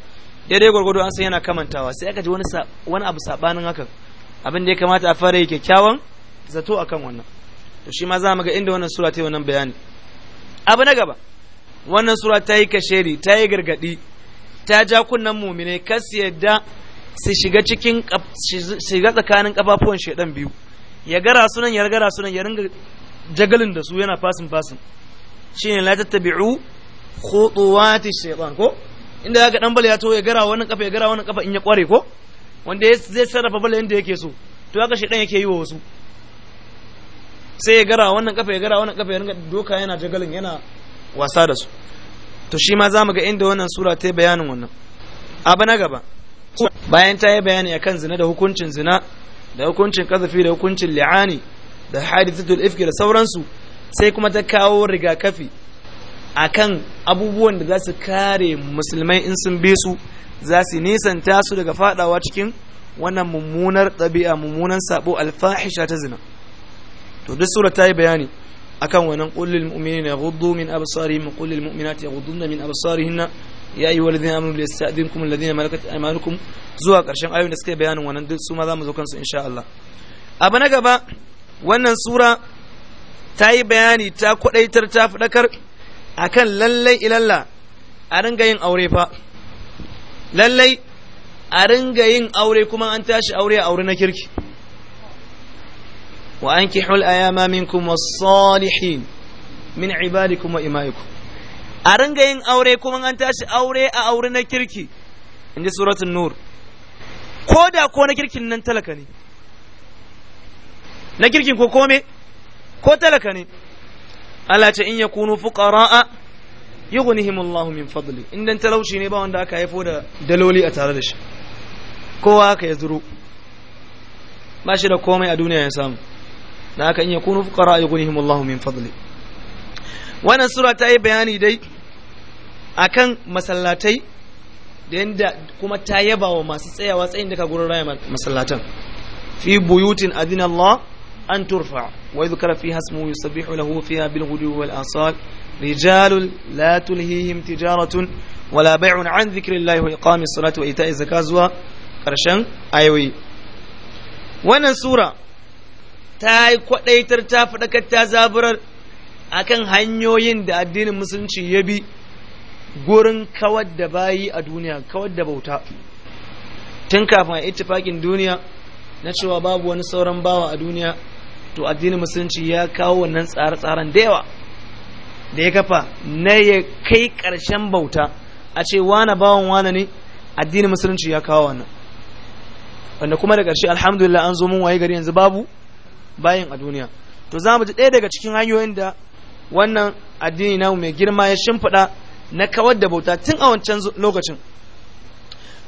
daidai gwargwado an san yana kamantawa sai aka ji wani wani abu sabanin hakan abin da ya kamata a fara yi kyakkyawan zato akan wannan to shi ma za mu ga inda wannan sura ta yi wannan bayani abu na gaba wannan sura ta yi kasheri ta yi gargadi ta ja kunnan muminai kas yadda su shiga cikin shiga tsakanin kafafuwan shedan biyu ya gara sunan ya gara sunan ya ringa jagalin da su yana fasin fasin shine la tattabi'u khutuwati shaytan ko inda ga dan bal ya to ya gara wannan kafa ya gara wannan kafa in ya kware ko wanda zai sarrafa bala yanda yake so to haka shaytan yake yi wa wasu sai ya gara wannan kafa ya gara wannan kafa ya ringa doka yana jagalin yana wasa da su to shi ma zamu ga inda wannan sura ta bayanin wannan abu na gaba bayan ta yi bayani akan zina da hukuncin zina da hukuncin kazafi da hukuncin li'ani da hadithatul ifki da sauransu sai kuma ta kawo rigakafi akan abubuwan da za su kare musulmai in sun bi su za su nisanta su daga fadawa cikin wannan mummunar ɗabi'a mummunan sabo alfahisha ta zina to duk sura ta yi bayani akan wannan kullil mu'minina yaghuddu min absarihim kullil mu'minati yaghudduna min absarihinna ya ayyuha alladhina amanu liyasta'dinkum alladhina malakat aymanukum zuwa karshen ayoyin da suka bayanin wannan duk su ma za mu zo kansu insha Allah abu na gaba wannan sura ta yi bayani ta kwadaitar ta fadakar akan lallai ilalla a ringa yin aure fa lallai a ringa yin aure kuma an tashi aure a aure na kirki wa an hul ayama minkum was-salihin min ibadikum wa imaikum a ringa yin aure kuma an tashi aure a aure na kirki inji suratul nur ko da ko na kirkin nan talaka ne na kirkin ko kome ko talaka ne Allah ce in yakunu fuqara'a yughnihim Allahu min fadli inda talauci ne ba wanda aka haifo da daloli a tare da shi kowa aka ya zuro ba shi da komai a duniya ya samu da aka in yakunu fuqara'a yughnihim Allahu min fadli wannan sura ta yi bayani dai akan masallatai da yanda kuma ta yaba wa masu tsayawa tsayin daga gurin raya masallatan fi buyutin adina Allah أن ترفع ويذكر فيها اسمه يسبح له فيها بالغدو والآصال رجال لا تلهيهم تجارة ولا بيع عن ذكر الله وإقام الصلاة وإيتاء الزكاة زوا أيوي wannan sura ta yi kwaɗaitar ta faɗakar ta zaburar akan hanyoyin da addinin musulunci ya bi gurin kawar da bayi a duniya kawar da bauta tun kafin a ittifaƙin duniya na cewa babu wani sauran bawa a duniya to addinin musulunci ya kawo wannan tsare-tsaren da yawa da ya kafa na ya kai karshen bauta a ce wane bawan wane ne addinin musulunci ya kawo wannan wanda kuma da ƙarshe alhamdulillah an zo mun waye gari yanzu babu bayin a duniya to za mu ji ɗaya daga cikin hanyoyin da wannan addini namu mai girma ya shimfiɗa na kawar da bauta tun a wancan lokacin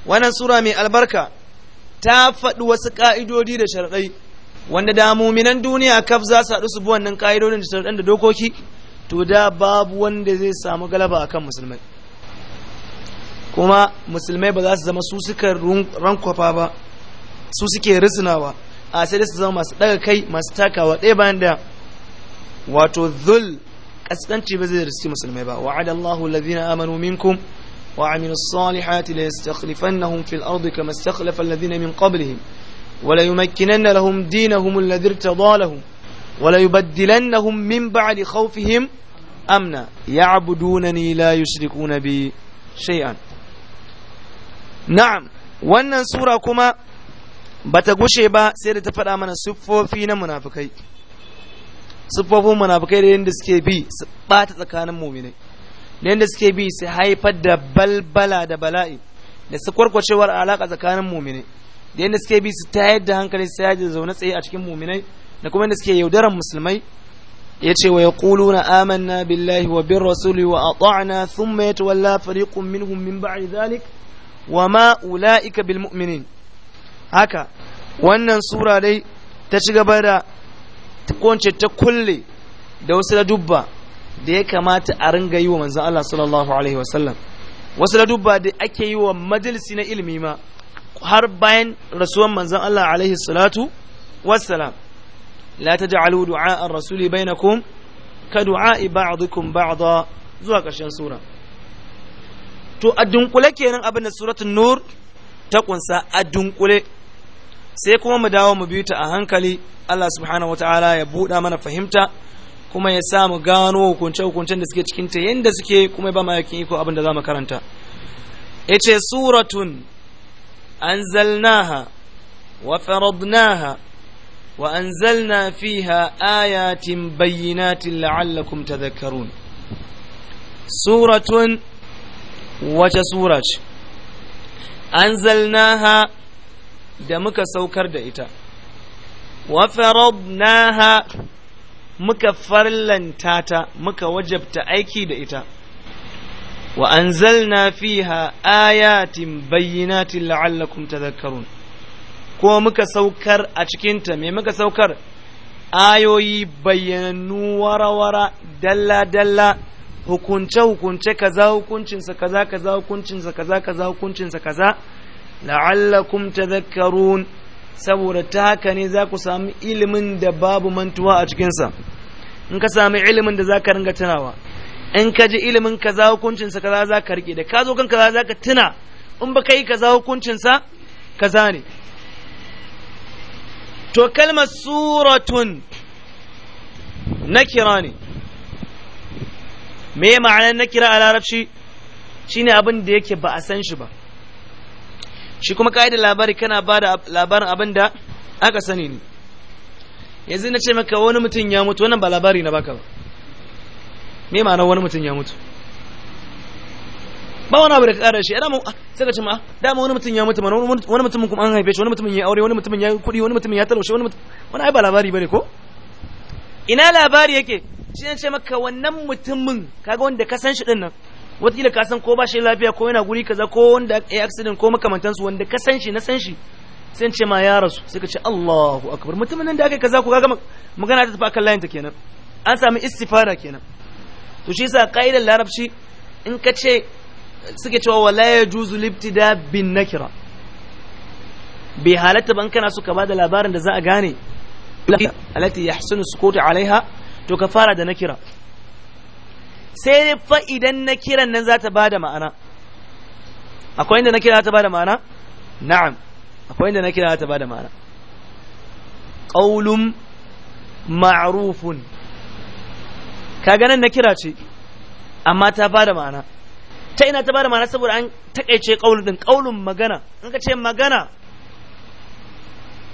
wannan sura mai albarka ta faɗi wasu ƙa'idodi da sharɗai wanda da muminan duniya kaf za su haɗu su bi wannan ƙa'idodin da sharuɗan da dokoki to da babu wanda zai samu galaba akan musulmai kuma musulmai ba za su zama su suka rankwafa ba su suke risinawa a sai da su zama masu ɗaga kai masu takawa ɗaya bayan da wato zul kaskanci ba zai riski musulmai ba wa'ada Allahu ladina amanu minkum wa aminu salihati la yastakhlifannahum fil ardi kama istakhlafa alladhina min qablihim ولا يمكنن لهم دينهم الذي ارتضى لهم ولا يبدلنهم من بعد خوفهم امنا يعبدونني لا يشركون بي شيئا نعم wannan sura kuma bata gushe ba sai da ta faɗa mana siffofi na munafukai siffofin munafukai da yadda suke bi su ɓata tsakanin muminai da yadda suke bi su haifar da balbala da bala'i da su kwarkwacewar alaƙa tsakanin muminai da yadda suke bi su tayar da hankali sai yaji zaune tsaye a cikin muminai da kuma yadda suke yaudaran musulmai ya ce wa yaquluna amanna billahi wa bir rasuli wa ata'na thumma yatawalla fariqun minhum min ba'di zalik wa ma ulaika bil mu'minin haka wannan sura dai ta ci gaba da kunce ta kulle da wasu dubba da ya kamata a ringa yi wa manzan Allah sallallahu Alaihi wasallam wasu dubba da ake yi wa majalisi na ilimi ma har bayan rasuwan manzan Allah alaihi salatu wassalam la taj'alu du'a an rasuli bainakum ka du'a ba'dukum ba'da zuwa ƙarshen sura to a dunkule kenan abin da suratul nur ta kunsa a dunkule sai kuma mu dawo mu biyu ta a hankali Allah subhanahu wataala ya buɗa mana fahimta kuma ya sa mu gano hukunce-hukuncen da suke cikin ta yadda suke kuma ba ma yakin iko abin da za mu karanta yace suratun أنزلناها وفرضناها وأنزلنا فيها آيات بينات لعلكم تذكرون سورة wace sura ce an zalnaha da muka saukar da ita wafarob naha muka farlanta ta muka wajabta aiki da ita wa anzalna fiha ayatin bayyinatin la'allakum tadhakkarun ko muka saukar a cikinta me muka saukar ayoyi bayyanu wara-wara dalla-dalla hukunce-hukunce kaza hukuncinsa kaza kaza hukuncinsa kaza kaza hukuncinsa kaza la'allakum tadhakkarun saboda ta haka ne za ku sami ilimin da babu mantuwa a cikinsa in ka sami ilimin da za ka ringa tunawa in ka ji ilimin kaza hukuncinsa kaza za ka rike da ka zo kan kaza za ka tuna in ba ka yi kaza hukuncinsa kaza ne to kalmar suratun na kira ne me ma'anar na kira a larabci shine abin da yake ba a san shi ba shi kuma ka'idar labari kana ba da labarin abin da aka sani ne yanzu na ce maka wani mutum ya mutu wannan ba labari na baka ba me ma'ana wani mutum ya mutu ba wani abu da ka kara shi dama ah, sai ka ce ma ah, dama wani mutum ya mutu mana wani mutumin kuma an haife shi wani mutumin ya aure wani mutumin ya kudi wani mutumin ya talaushe wani mutum wani ai ba labari bane ko ina labari yake shi ne ce maka wannan mutumin kaga wanda ka san shi din nan wataƙila ka san ko ba shi lafiya ko yana guri kaza ko wanda ya accident ko makamantansu wanda ka san shi na san shi sai ce ma ya rasu sai ka ce Allahu akbar mutumin nan da aka kaza ku kaga magana ta tafi akan layin ta kenan an sami istifara kenan to shi yasa ka'idar larabci in ka ce suke cewa wala ya juzu libtida bin nakira bai halatta ban kana suka ba da labarin da za a gane alati ya hasinu sukutu alaiha to ka fara da nakira sai fa idan nakiran nan za ta ba da ma'ana akwai inda nakira za ta ba da ma'ana na'am akwai inda nakira za ta ba da ma'ana qaulun ma'rufun kaga nan na kira ce amma ta bada ma'ana ta ina ta bada ma'ana saboda an takaice kaulun kaulun magana in ka ce magana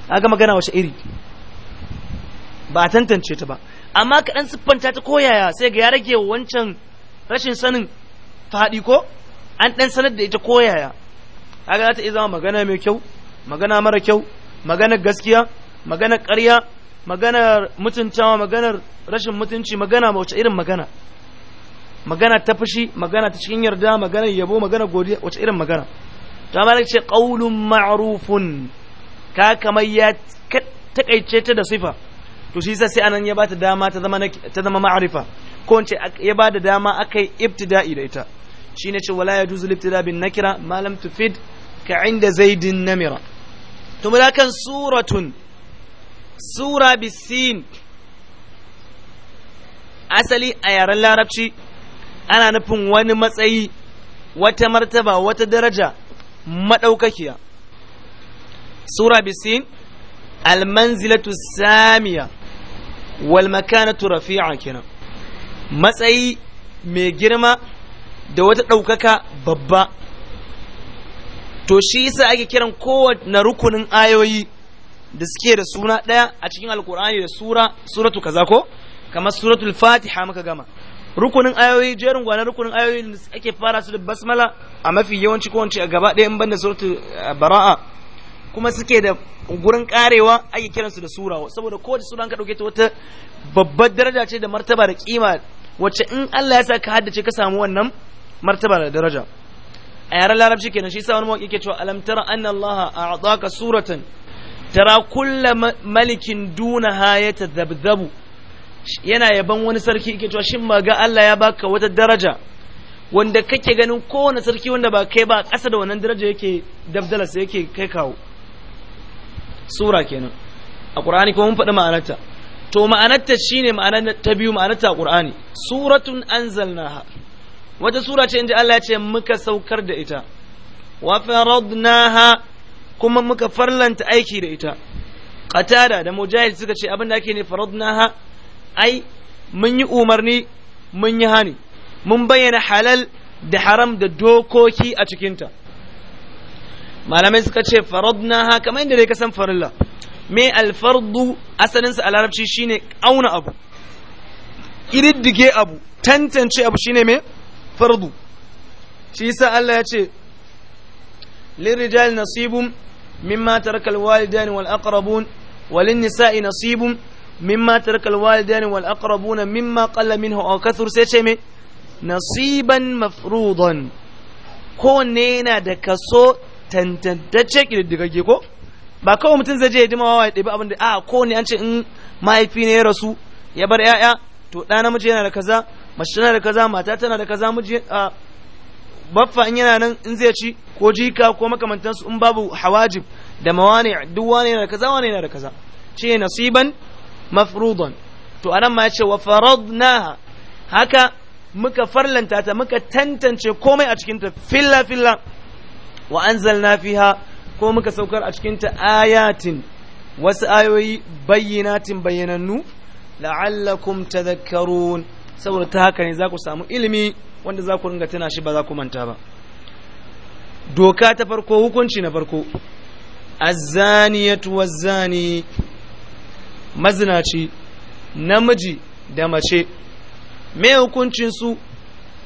aga magana wace iri ba a tantance ta ba amma kaɗan dan siffanta ta koyaya sai ga ya rage wancan rashin sanin faɗi ko an dan sanar da ita koyaya aga za ta iya zama magana mai kyau magana mara kyau magana gaskiya magana ƙarya maganar mutuntawa maganar rashin mutunci magana wace irin magana magana ta fushi magana ta cikin yarda magana yabo magana godiya wace irin magana ta ma ce qaulun ma'rufun ka kamar ya takaice ta da sifa to shi sai anan ya bata dama ta zama ta zama ma'rifa ko in ce ya bada dama akai ibtida'i da ita shine ce wala yajuzu ibtida bin nakira ma lam tufid ka inda zaidin namira to mulakan suratun sura bisin asali a yaren larabci ana nufin wani matsayi wata martaba wata daraja maɗaukakiya sura bisin almanzilatu samiya wal makanatu rafi'a kenan matsayi mai girma da wata ɗaukaka babba to shi yasa ake kiran kowane rukunin ayoyi da suke da suna ɗaya a cikin alkur'ani da sura suratu kaza ko kamar suratul fatiha muka gama rukunin ayoyi jerin gwanar rukunin ayoyi da ake fara su da basmala a mafi yawanci ko a gaba ɗaya in banda suratu eh, bara'a kuma suke da gurin karewa ake kiransu da sura saboda kowace sura ka ɗauke ta wata babbar daraja ce da martaba da kima wacce in Allah ya sa ka haddace ka samu wannan martaba da daraja a yaren larabci kenan shi sa wani mawaƙi ke cewa alam tara anna Allah a'taka suratan tara kulla malikin dunaha ya tazabzabu yana yaban wani sarki yake cewa shin maga Allah ya baka wata daraja wanda kake ganin kowane sarki wanda ba kai ba ƙasa da wannan daraja yake sai yake kai kawo sura kenan a ƙur'ani kuma mun faɗi ma'anarta to ma'anarta shine ma'anar ta biyu ma'anarta a ƙur'ani suratun anzalnaha wata sura ce inda Allah ya ce muka saukar da ita wa faradnaha kuma muka farlanta aiki da ita qatada da mujahid suka ce abin da ake ne faradnaha ai mun yi umarni mun yi hani mun bayyana halal da haram da dokoki a cikinta malamai suka ce faradnaha kamar yadda dai ka san farilla me alfardu asalinsa a larabci shine auna abu ƙididdige abu tantance abu shine me fardu shi yasa Allah ya ce lirijal nasibum مما ترك الوالدان والأقربون وللنساء نصيب مما ترك الوالدان والأقربون مما قل منه أو كثر سيشمي نصيبا مفروضا kowanne yana da kaso tantantacce ƙididdigagge ko ba kawai mutum zai je ya dima wawa ya ɗabi abin da a kowanne an ce in mahaifi ne ya rasu ya bar 'ya'ya to ɗa namiji yana da kaza mace tana da kaza mata tana da kaza miji baffa in yana nan in zai ci ko jika ko makamantansu in babu hawajib da mawani duk wani yana da kaza wani yana da kaza shi nasiban mafrudan to anan ma ce wa faradnaha haka muka farlanta ta muka tantance komai a cikin ta filla filla wa anzalna fiha ko muka saukar a cikin ta ayatin wasu ayoyi bayyinatin bayyanannu la'allakum tadhakkarun saboda ta haka ne za ku samu ilimi wanda za ku ringa tana shi ba za ku manta ba doka ta farko hukunci na farko azzaniyatu wazzani mazinaci namiji da mace mai hukuncin su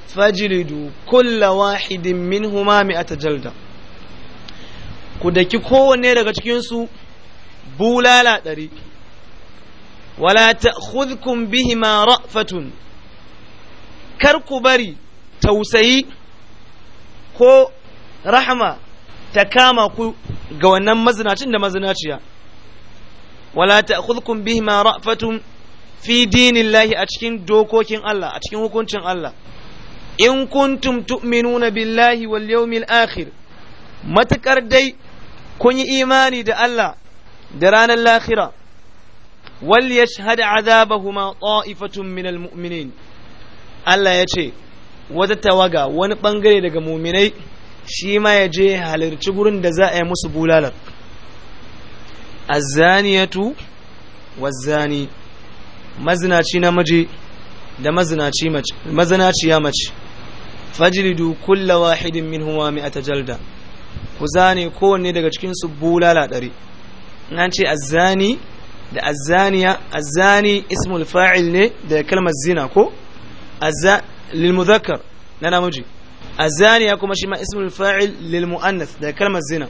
fajilidu kulla wahidin humami a jalda ku daki kowanne daga cikin su bulala ɗari wala ta'khudhukum bihima ra'fatun kar ku bari tausayi ko rahma ta kama ku ga wannan mazinacin da mazinaciya wala ta'khudhukum bihima ra'fatun fi dinillahi a cikin dokokin Allah a cikin hukuncin Allah in kuntum tu'minuna billahi wal yawmil akhir matukar dai kun yi imani da Allah da ranar lahira wal yashhad azabahuma ta'ifatun minal mu'minin Allah ya ce wata tawaga wani bangare daga muminai shi ma ya je halarci gurin da za a yi musu bulalar azzaniyatu wazzani mazinaci namiji da mazinaci mace mazinaciya mace fajridu kulla wahidin huwa mi'ata jalda ku zane kowanne daga cikin su bulala ɗari an ce azani da azzaniya azzani ismul fa'il ne da kalmar zina ko lilmuzakkar na namiji azaniya kuma shi ma ismul fa'il lilmuannas da kalmar zina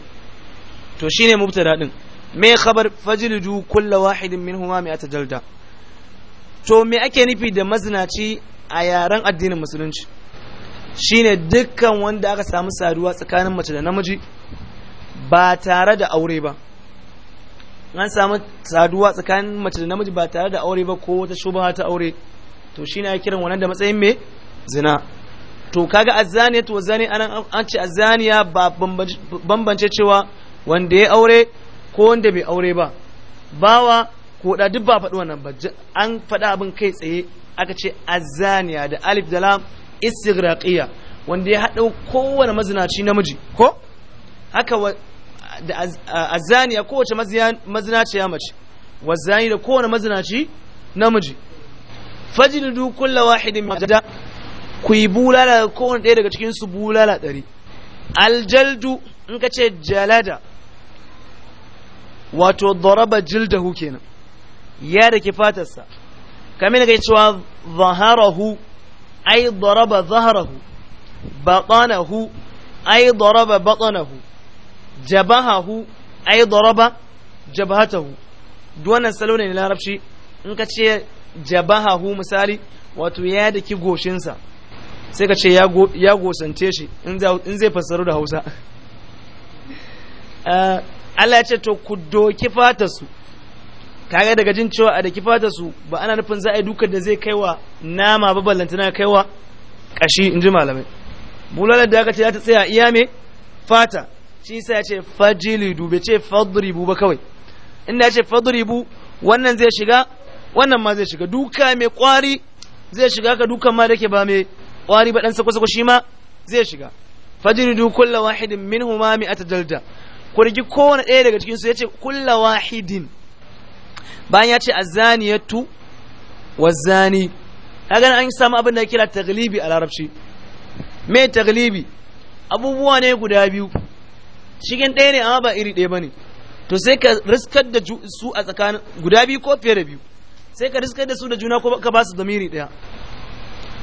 to shine mubtada din me khabar fajlidu min wahidin minhuma mi'ata jalda to me ake nufi da mazinaci a yaren addinin musulunci shine dukkan wanda aka samu saduwa tsakanin mace da namiji ba tare da aure ba an samu saduwa tsakanin mace da namiji ba tare da aure ba ko wata shubha ta aure to ne ya kiran wannan da matsayin me zina to kaga azzaniyatu to zani anan an ce azzaniya ba bambance cewa wanda ya aure ko wanda bai aure ba bawa ko da duk ba faɗi wannan ba an faɗa abin kai tsaye aka ce azzaniya da alif da lam istighraqiya wanda ya haɗa kowane mazinaci namiji ko haka da azzaniya kowace mazinaci ya mace wazzani da kowane mazinaci namiji Fajin du kulla wahidin majada ku yi bulala kowane ɗaya daga cikin su bulala ɗari aljaldu in ka ce jalada wato daraba jildahu kenan ya da fatarsa kamar da cewa zaharahu ai daraba zaharahu batanahu ai daraba batanahu jabahahu ai daraba jabhatahu duk wannan salo ne na larabci in ka ce jabahahu misali wato ya daki goshinsa sai ka ce ya gosance shi in zai fassaru da hausa eh, Allah ya ce to ku doki fatarsu kaga daga jin cewa a daki fatarsu ba ana nufin za a yi dukkan da zai kaiwa nama ba ballantana kaiwa kashi in ji malamai bulalar da aka ce za ta tsaya iya me fata shi sai ya ce fajilidu bai ce fadribu ba kawai inda ya ce fadribu wannan zai shiga wannan ma zai shiga duka mai kwari zai shiga ka dukan ma da ke ba mai kwari ba dan sako-sako shi ma zai shiga du kulla wahidin huma mi'ata jalda ku rigi kowane ɗaya daga cikin su yace kulla wahidin bayan ya ce azaniyatu wazani kaga an samu abin da kira taglibi a larabci me taglibi abubuwa ne guda biyu cikin ɗaya ne amma ba iri ɗaya bane to sai ka riskar da su a tsakanin guda biyu ko fiye da biyu sai ka riskar da su da juna ko ka ba su damiri daya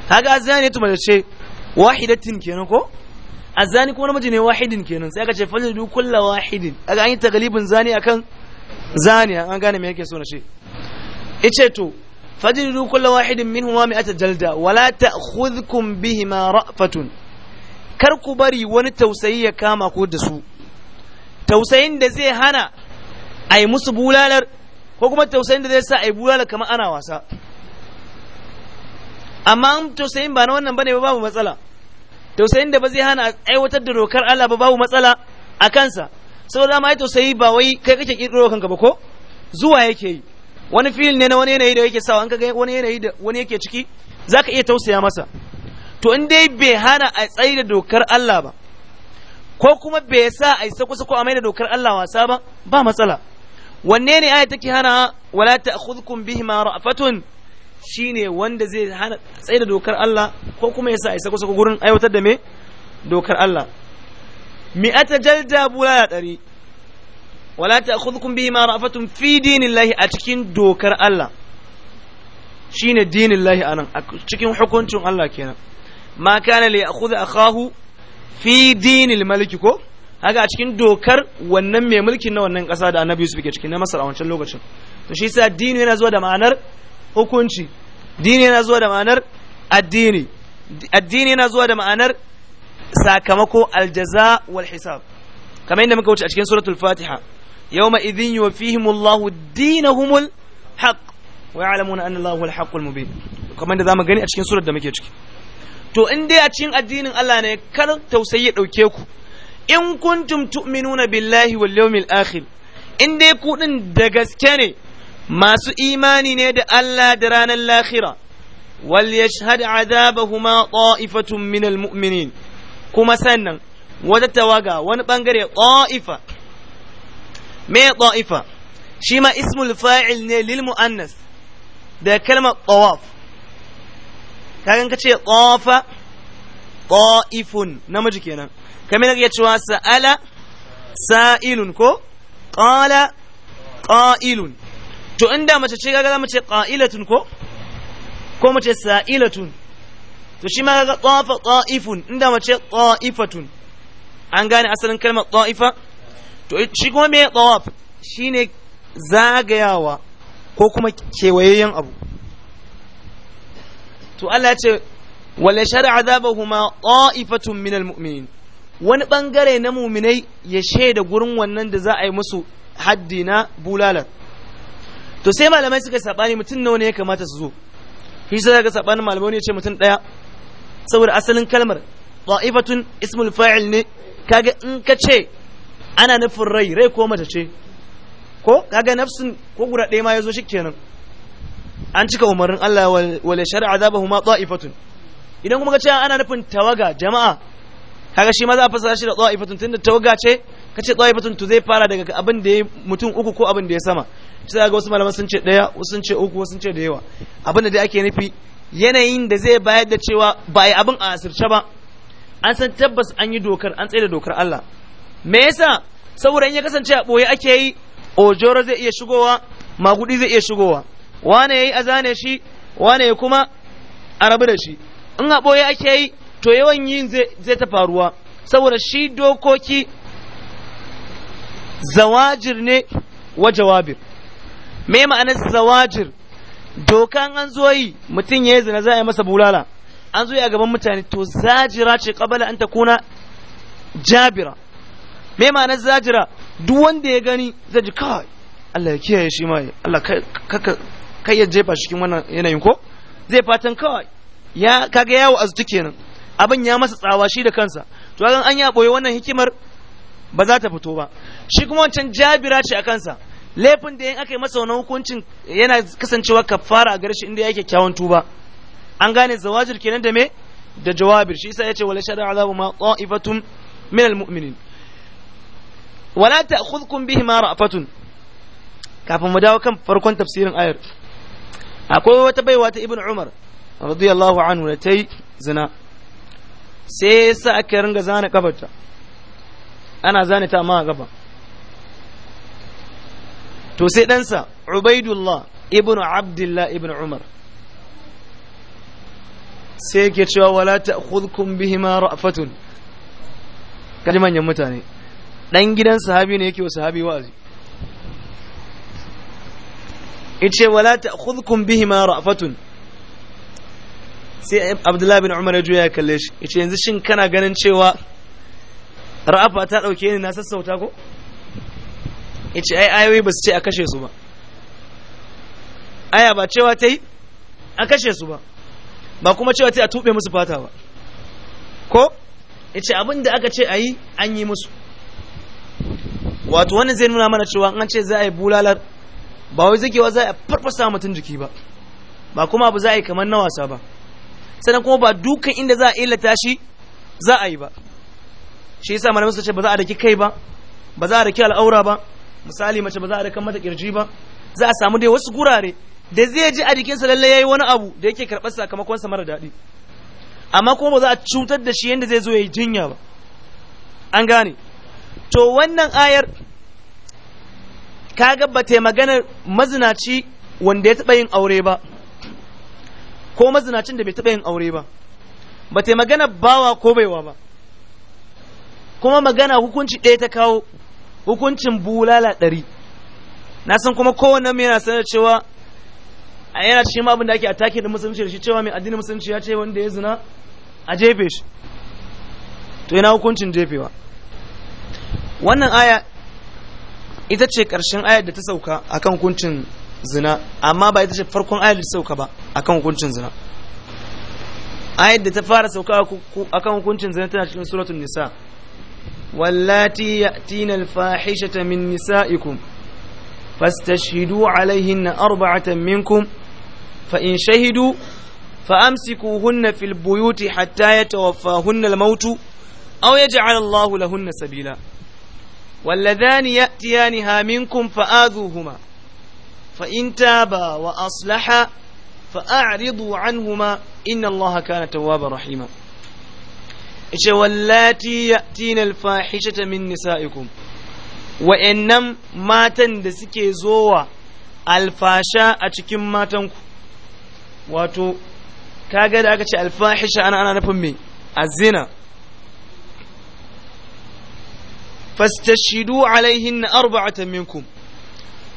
kaga azani to mace wahidatin kenan ko azani kuma namiji ne wahidin kenan sai aka ce fajridu kullu wahidin kaga an yi taglibin zani akan zani an gane me yake so na ce ice to fajridu kullu wahidin minhuma mi'ata jalda wala ta'khudhukum bihima ra'fatun kar ku bari wani tausayi ya kama ku da su tausayin da zai hana ai musu bulalar ko kuma tausayin da zai sa a yi bulala kamar ana wasa amma an tausayin ba na wannan bane ba babu matsala tausayin da ba zai hana aiwatar da dokar Allah ba babu matsala a kansa saboda ma yi tausayi ba wai kai kake kirkiro kanka ba ko zuwa yake yi wani fil ne na wani yanayi da yake sawa an kaga wani yanayi da wani yake ciki zaka iya tausaya masa to in dai bai hana a tsayi da dokar Allah ba ko kuma bai sa a yi kusa ko a mai da dokar Allah wasa ba ba matsala wanne ne aya take hana wala ta'khudhukum bihima ra'fatun shine wanda zai hana tsaye da dokar Allah ko kuma yasa isa kusa gurin aiwatar da me dokar Allah Mi mi'ata jaljabu bula ya dari wala ta'khudhukum bihima ra'fatun fi dinillahi a cikin dokar Allah shine dinillahi anan cikin hukuncin Allah kenan ma kana li ya'khudha akahu fi dinil maliki ko kaga a cikin dokar wannan mai mulkin na wannan ƙasa da annabi yusuf ke cikin na masar a wancan lokacin to shi yasa dini yana zuwa da ma'anar hukunci dini yana zuwa da ma'anar addini addini yana zuwa da ma'anar sakamako aljaza wal hisab kamar yadda muka wuce a cikin suratul fatiha yawma idhin yuwaffihimullahu dinahumul haqq wa ya'lamuna anna Allahu al-haqqul mubin kamar da zamu gani a cikin surar da muke ciki to in dai a cikin addinin Allah ne kar tausayi ya dauke ku in kuntum tu'minuna billahi wal yawmil akhir in dai ku din da gaske ne masu imani ne da Allah da ranar lahira wal yashhad azabahuma ta'ifatun min al mu'minin kuma sannan wata tawaga wani bangare ta'ifa me ta'ifa shi ma ismul fa'il ne lil muannas da kalmar tawaf kagan kace tawafa ta'ifun namiji kenan kamar ya cewa sa'ala sa'ilun ko ƙala ƙailun to inda mace ce kaga mace ce qa'ilatun ko ko mace ce sa'ilatun to shi ma kaga tafa ƙa'ifun inda mace ta'ifatun an gane asalin kalmar ƙa'ifa to shi kuma me shi ne zagayawa ko kuma kewayayyen abu to Allah ya ce wale wala shar'a adabahuma ta'ifatun minal mu'minin wani bangare na muminai ya shaida gurin wannan da za a yi musu haddi na bulalar to sai malamai suka sabani mutum nawa ne ya kamata su zo shi sai ga malamai ne ya ce mutum ɗaya. saboda asalin kalmar ta'ifatun ismul fa'il ne kaga in ka ce ana nufin rai rai ko mata ce ko kaga nafsun ko guda ɗaya ma ya zo shi kenan an cika umarnin Allah wale shari'a azabahuma ta'ifatun idan kuma ka ce ana nufin tawaga jama'a kaga shi ma za a fasara shi da tsawaifatun tunda tawaga ce kace tsawaifatun to zai fara daga abin da ya mutum uku ko abin da ya sama sai ga wasu malaman sun ce daya wasu sun ce uku wasu sun ce da yawa abin da dai ake nufi yanayin da zai bayar da cewa ba a yi abin a asirce ba an san tabbas an yi dokar an tsaye da dokar Allah me yasa saboda in ya kasance a boye ake yi ojoro zai iya shigowa magudi zai iya shigowa wane yayi azane shi wane kuma a rabu da shi in a boye ake yi to yawan yin zai ta faruwa saboda shi dokoki zawajir ne wa jawabir me ma'anar zawajir dokan an zo yi mutum ya yi zina za a yi masa bulala an zo yi a gaban mutane to zajira ce kabala an ta kuna jabira me ma'anar zajira duk wanda ya gani zai ji kawai Allah ya kiyaye shi ma Allah kai ya jefa shi cikin wannan yanayin ko zai fatan kawai ya kaga yawo azuci kenan abin ya masa tsawa shi da kansa to kaga an ya boye wannan hikimar ba za ta fito ba shi kuma wancan jabira ce a kansa laifin da yin aka yi masa wani hukuncin yana kasancewa kafara a gare shi inda yake kyawun tuba an gane zawajir kenan da me da jawabir shi yasa yace wala shara azabu ma qa'ifatun min almu'minin wala ta'khudhukum bihi ma ra'fatun kafin mu dawo kan farkon tafsirin ayar akwai wata baiwa ta ibnu umar radiyallahu anhu da tayi zina sai sa aka ringa zana kafarta ana zane ta ma gaba to sai ɗansa ubaidullah ibn abdullah ibn umar sai ke cewa wala ta ta'khudhukum bihima ra'fatun kaji manyan mutane dan gidan sahabi ne yake wa sahabi wa'azi yace wala bihi bihima ra'fatun sai abdullahi bin umar ya juya ya kalle shi ce yanzu shin kana ganin cewa ra'afa ta dauke ni na sassauta ko ce ai ayoyi ba su ce a kashe su ba aya ba cewa ta yi a kashe su ba ba kuma cewa ta yi a tuɓe musu fata ba ko ce abin da aka ce a yi an yi musu wato wani zai nuna mana cewa an ce za a yi bulalar ba wai zagewa za a farfasa mutum jiki ba ba kuma abu za a yi kamar na wasa ba sannan kuma ba dukan inda za a illata shi za a yi ba shi yasa malamin su ce ba za a daki kai ba ba za a daki al'aura ba misali mace ba za a mata kirji ba za a samu dai wasu gurare da zai ji a jikin sa lalle yayi wani abu da yake karɓar sakamakon sa mara daɗi amma kuma ba za a cutar da shi yanda zai zo yayi jinya ba an gane to wannan ayar kaga ba ta mazinaci wanda ya taɓa yin aure ba ko mazinacin da bai taɓa yin aure ba ba ta magana bawa ko baiwa ba kuma magana hukunci ɗaya ta kawo hukuncin bulala ɗari na san kuma kowane mai yana sanar cewa a yana shi ma abin da ake a da musulunci da shi cewa mai addinin musulunci ya ce wanda ya zina a jefe shi to yana hukuncin jefewa wannan aya ita ce ƙarshen ayar da ta sauka akan hukuncin zina amma ba ita ce farkon ayar da sauka ba akan hukuncin zina ayar da ta fara sauka akan hukuncin zina tana cikin suratul nisa wallati ya'tina al-fahishata min nisa'ikum fastashhidu alayhinna arba'atan minkum fa in shahidu فأمسكوهن في البيوت حتى يتوفاهن الموت أو يجعل lahunna sabila سبيلا yatiyani يأتيانها منكم فآذوهما فإن تابا وأصلحا فأعرضوا عنهما إن الله كان توابا رحيما إيش واللاتي يأتين الفاحشة من نسائكم وإنم ماتن دسكي زوا الفاشا أتكم ماتنكم واتو kaga da aka ce alfahisha ana ana nufin me azina fastashidu alaihin arba'atan minkum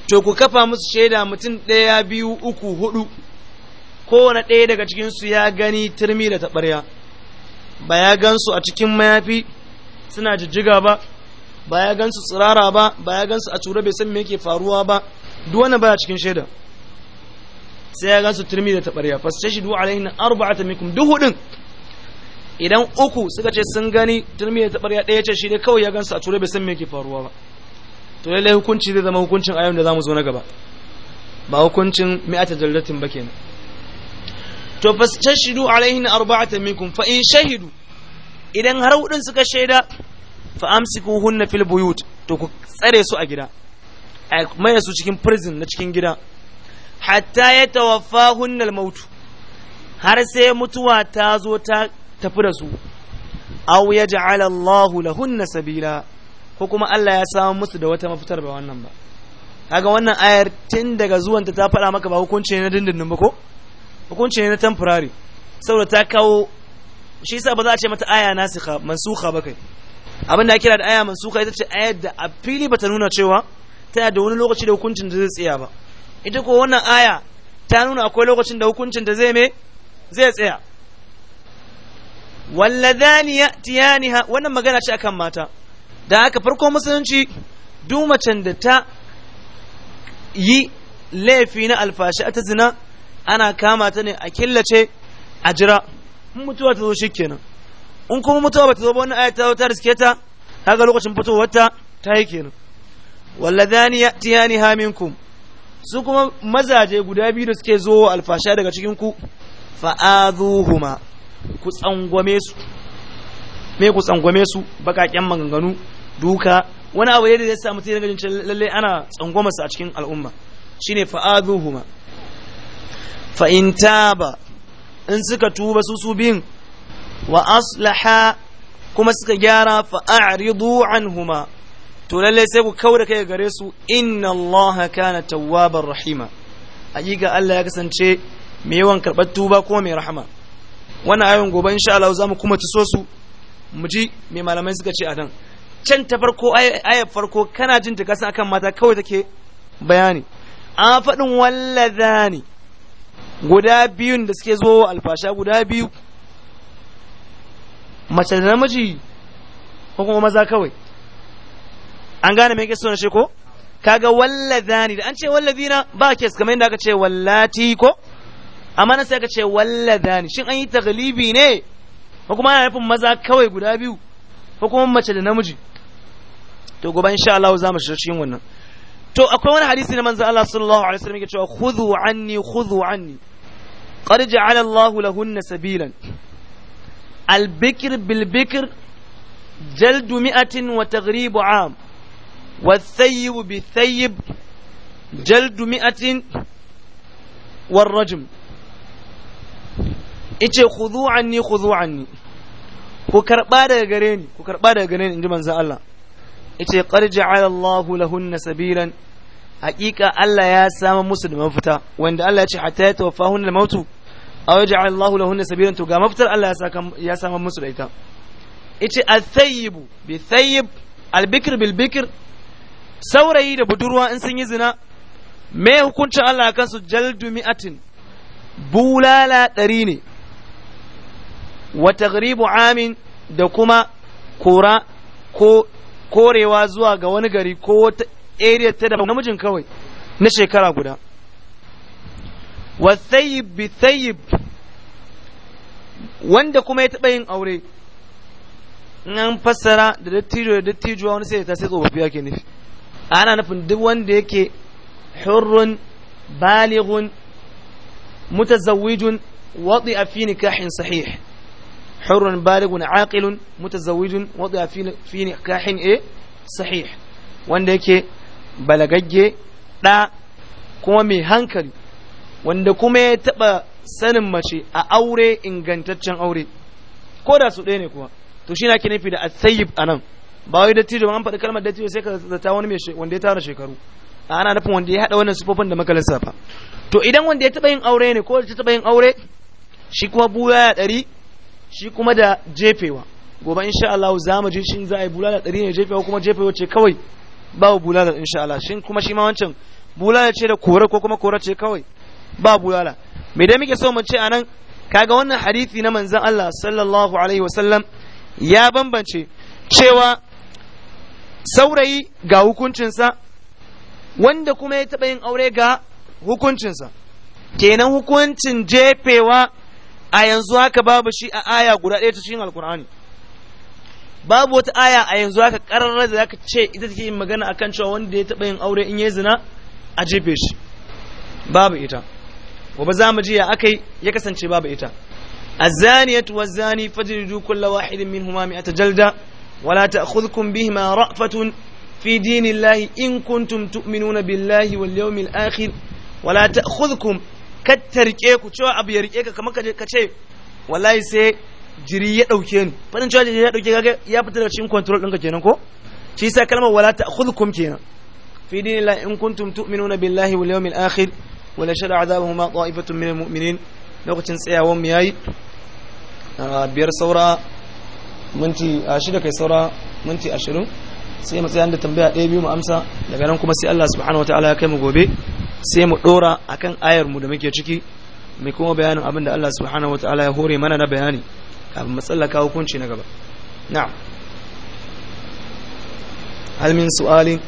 to ku kafa musu shaida mutum ɗaya biyu uku hudu kowane ɗaya daga cikinsu ya gani turmi da taɓarya ba ya gansu a cikin mayafi suna jijjiga ba ba ya gansu tsirara ba ba ya gansu a tura bai san me yake faruwa ba duk wani a cikin shaida sai ya gansu turmi da taɓarya fastashidu alaihin arba'ata minkum duk hudun idan uku suka ce sun gani turmi da taɓarya ɗaya ce shi ne kawai ya gansu a tura bai san me yake faruwa ba to lallai hukunci zai zama hukuncin ayon da mu zo na gaba ba hukuncin mi'ata jallatin ba kenan to fastashhidu alaihin arba'atan minkum fa in shahidu idan har hudun suka shaida fa amsikuhunna fil buyut to ku tsare su a gida Ai maye su cikin prison na cikin gida hatta ya tawaffahunna al maut har sai mutuwa ta zo ta tafi da su aw yaj'al Allahu lahunna sabila ko kuma Allah ya samu musu da wata mafitar ba wannan ba kaga wannan ayar tun daga zuwanta ta faɗa maka ba hukunci ne na dindindin ba ko hukunci ne na temporary saboda ta kawo shi yasa ba za a ce mata aya nasikha mansukha ba kai abin da kira da aya mansukha ita ce ayar da a fili bata nuna cewa tana da wani lokaci da hukuncin da zai tsaya ba ita ko wannan aya ta nuna akwai lokacin da hukuncin da zai me zai tsaya walladhani ya'tiyaniha wannan magana ce akan mata da aka farko musulunci duk da ta yi laifi na alfashi ta zina ana kama ta ne a killace a jira in mutuwa ta zo shi kenan in kuma mutuwa ba ta zo ba wani ayat ta ta riske ta haka lokacin fitowar ta ta yi kenan walladani yatiyani haminkum su kuma mazaje guda biyu da suke zo alfasha daga cikin ku ku tsangwame su me ku tsangwame su bakaken maganganu duka wani abu da zai samu tirin gajin lalle ana tsangwama su a cikin al'umma shine fa'adu huma in taba in suka tuba su su biyun wa aslaha kuma suka gyara fa a'ridu huma to lalle sai ku da kai gare su inna allaha kana tawwabar rahima hakika Allah ya kasance mai yawan karɓar tuba ko mai rahama wannan ayon gobe insha Allah za mu kuma ci so su mu ji mai malamai suka ce a nan can ta farko ayar farko kana jin ta kasan akan mata kawai take bayani an faɗin walladani guda biyun da suke zo alfasha guda biyu mace da namiji ko kuma maza kawai an gane me yake so na shi ko kaga walladani da an ce walladina ba kes kamar yadda aka ce wallati ko amma na sai aka ce walladani shin an yi taglibi ne ko kuma ana nufin maza kawai guda biyu hukumin mace da namiji to gobe insha Allah za mu shiga cikin wannan to akwai wani hadisi na manzo Allah sallallahu alaihi wasallam yake cewa khudhu anni khudhu anni qad ja'ala Allah lahunna sabilan al-bikr bil bikr جلد مئة وتغريب عام والثيب بالثيب جلد مئة والرجم إيش خذوا عني خذوا عني ku karba daga gare ni ku karba daga gare ni inji manzon Allah yace qarja ala Allahu lahunna sabilan Hakika Allah ya samu musu da mafita wanda Allah ya ce hatta ya tawaffahun da mautu aw ja'ala Allahu lahunna sabilan to ga mafitar Allah ya samu musu da ita yace at-thayyib bi thayyib al-bikr bil bikr saurayi da budurwa in sun yi zina me hukuncin Allah kan su jaldu mi'atin bulala ɗari ne wa taghribu amin da kuma kora ko korewa zuwa ga wani gari ko wata area ta da namijin kawai na shekara guda wa sayyib bi sayyib wanda kuma ya taɓa yin aure an fassara da dattijo da dattijuwa wani sai ta sai tsofaffi ake nufi ana nufin duk wanda yake hurrun balighun mutazawijun, wadi a fi nikahin sahih حر بالغ عاقل متزوج وضع في في نكاح ايه صحيح wanda yake balagagge da kuma mai hankali wanda kuma ya taba sanin mace a aure ingantaccen aure ko da su ɗaya ne kuma to shi na ke nufi da asayib a nan ba wai dattijo an faɗi kalmar dattijo sai ka zata wani mai wanda ya tara shekaru A ana nufin wanda ya haɗa wannan sufofin da maka lissafa to idan wanda ya taɓa yin aure ne ko ta taɓa yin aure shi kuma buya ya ɗari shi kuma da jefewa gobe insha Allah za mu ji shin za a yi bulala ɗari ne jefewa kuma jefewa ce kawai ba bulala insha Allah shin kuma shi ma wancan bulala ce da kore ko kuma kore ce kawai ba bulala me dai muke so mu ce anan kaga wannan hadisi na manzon Allah sallallahu alaihi wasallam ya bambance cewa saurayi ga hukuncinsa wanda kuma ya taɓa yin aure ga hukuncinsa kenan hukuncin jefewa a yanzu haka babu shi a aya guda ɗaya ta cikin alkur'ani babu wata aya a yanzu haka ƙarar da zaka ce ita take yin magana akan cewa wanda ya taɓa yin aure in yi zina a jefe shi babu ita wa za mu ji ya aka ya kasance babu ita azaniyatu wazani fajridu kullu wahidin minhuma mi'ata jalda wala ta'khudhukum bihima ra'fatun fi dinillahi in kuntum tu'minuna billahi wal yawmil akhir wala ta'khudhukum kattarke ku cewa abu ya rike ka kamar ka ce wallahi sai jiri ya dauke ni fadin cewa jiri ya dauke ka ya fita daga cikin control ɗinka kenan ko shi yasa kalmar wala ta'khudhukum kenan fi dinillahi in kuntum tu'minuna billahi wal yawmil akhir la shada azabuhuma ta'ifatun minal mu'minin lokacin tsayawan mu yayi ah, biyar saura minti ah, a kai saura minti ashirin sai mu tsaya da tambaya ɗaya biyu mu amsa daga nan kuma sai Allah subhanahu wataala ya kai mu gobe sai mu dora akan ayar mu da muke ciki mai kuma bayanin abin da Allah subhanahu wataala ya hore mana na bayani kafin mu tsallaka hukunci na gaba na'am hal min su'alin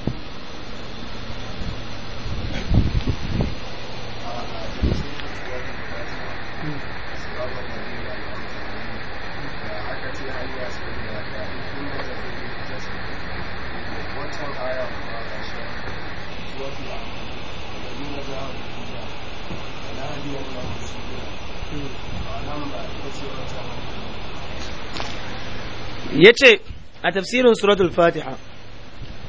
ya ce a tafsirin suratul fatiha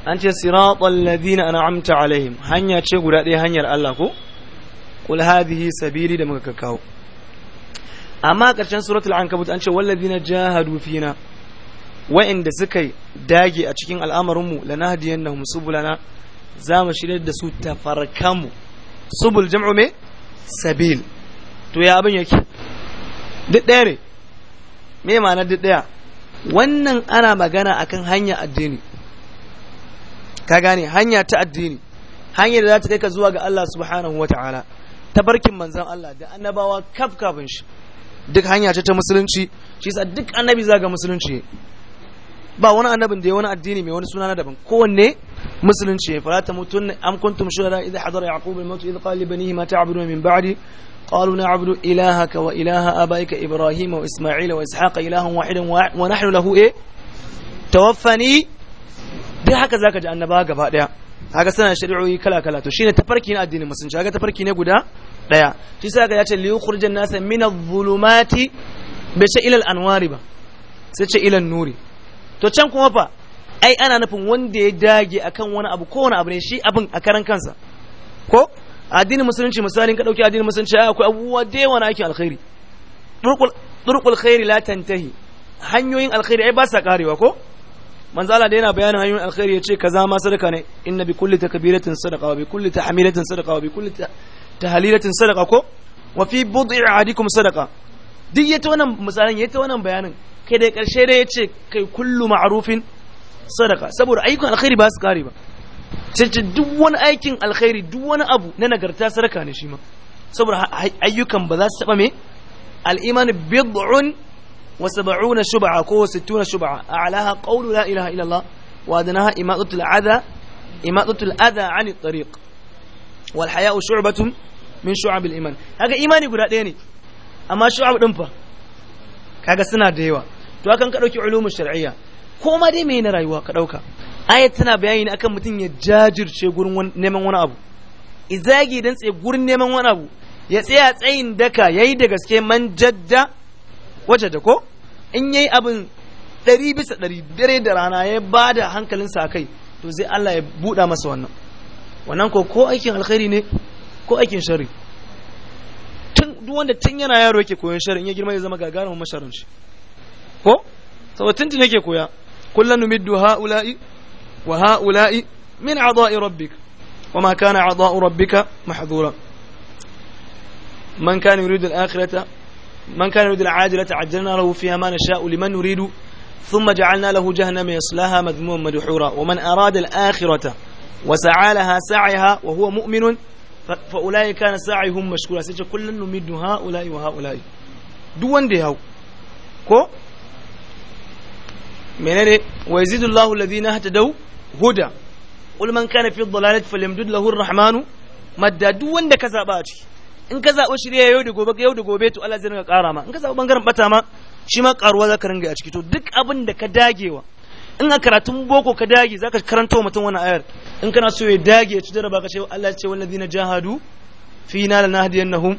an ce siratal ladina amta alaihim hanya ce guda ɗaya hanyar Allah ko qul hadhihi sabili da muka kawo amma a ƙarshen suratul ankabut an ce walladina jahadu fina wa'inda suka dage a cikin al'amarinmu lanahdiyannahum subulana za mu shirya da su tafarkanmu subul jam'u me sabil to ya abin yake duk ɗaya ne me ma'ana duk ɗaya wannan ana magana akan hanya addini ka gane hanya ta addini hanya da za ta kai ka zuwa ga Allah subhanahu wataala tabarkin manzan Allah da annabawa kaf kafin shi duk hanya ce ta musulunci shi sa duk annabi zaga musulunci ba wani annabin da ya wani addini mai wani suna na daban kowanne musulunci ya fara ta mutun am kuntum shuhada idha hadara yaqub al-maut idza qala li banihi ma ta'buduna min ba'di قالوا نعبد إلهك وإله آبائك إبراهيم وإسماعيل وإسحاق إله واحدا ونحن له إيه توفني dai haka zaka ji annaba gaba daya haka sana shari'o'i kala kala to shine tafarki na addinin musulunci haka tafarki ne guda daya shi sai ga yace li yukhrijan nasa min adh-dhulumati bi ila al-anwari ba sai ce ila nuri to can kuma fa ai ana nufin wanda ya dage akan wani abu ko abu ne shi abin a karan kansa ko addinin musulunci misalin ka dauki addinin musulunci akwai abubuwa da yawa na aikin alkhairi turqul khairi la tantahi hanyoyin alkhairi ai ba sa karewa ko manzo Allah da yana bayanin hanyoyin alkhairi yace kaza ma sadaka ne inna bi kulli takbiratin sadaqa wa bi kulli tahmilatin sadaqa wa bi kulli tahlilatin sadaqa ko wa fi bud'i ahadikum sadaqa duk yato wannan misalan yato wannan bayanin kai da karshe da yace kai kullu ma'rufin sadaqa saboda ayyukan alkhairi ba su kare ba cancan duk wani aikin alkhairi duk wani abu na nagarta sadaka ne shi ma saboda ayyukan ba za su taba me al-iman bid'un wa sab'una shub'a ko 60 shub'a a'laha qawlu la ilaha illa Allah wa adnaha imatatu al-adha imatatu al-adha 'ani at-tariq wal haya'u shu'batun min shu'ab al-iman haka imani guda ɗaya ne amma shu'ab din fa kaga suna da yawa to hakan ka dauki ulumul shar'iyya ko ma dai me na rayuwa ka dauka ayat tana bayani ne akan mutum ya jajirce gurin neman wani abu izagi dan tsaye gurin neman wani abu ya tsaya tsayin daka yayi da gaske man jadda wace da ko in yayi abin ɗari bisa ɗari dare da rana ya ba da hankalinsa a kai to zai Allah ya buɗa masa wannan wannan ko ko aikin alkhairi ne ko aikin shari tun duk wanda tun yana yaro yake koyon shari in ya girma ya zama gagarumin masharin shi ko saboda tun yake koya kullum middu ha'ula'i وهؤلاء من عضاء ربك وما كان عضاء ربك محظورا من كان يريد الآخرة من كان يريد العاجلة عجلنا له فيها ما نشاء لمن نريد ثم جعلنا له جهنم يصلاها مذموما مدحورا ومن أراد الآخرة وسعى لها سعيها وهو مؤمن فأولئك كان سعيهم مشكورا سيجعل كل نمد هؤلاء وهؤلاء دوان دي كو منين ويزيد الله الذين اهتدوا huda qul man kana fi dhalalati falyamdud lahu ar-rahmanu madda duk wanda ka zaba a ciki in ka zaba shirya yau da gobe yau da gobe to Allah zai ringa ƙara ma in ka zaba bangaren bata ma shi ma karuwa zaka ringa a ciki to duk abin da ka dagewa in a karatun boko ka dage zaka karanta wa mutum wannan ayar in kana so ya dage ya ci jaraba ka ce Allah ya ce wallazina jahadu fina lanahdiyannahum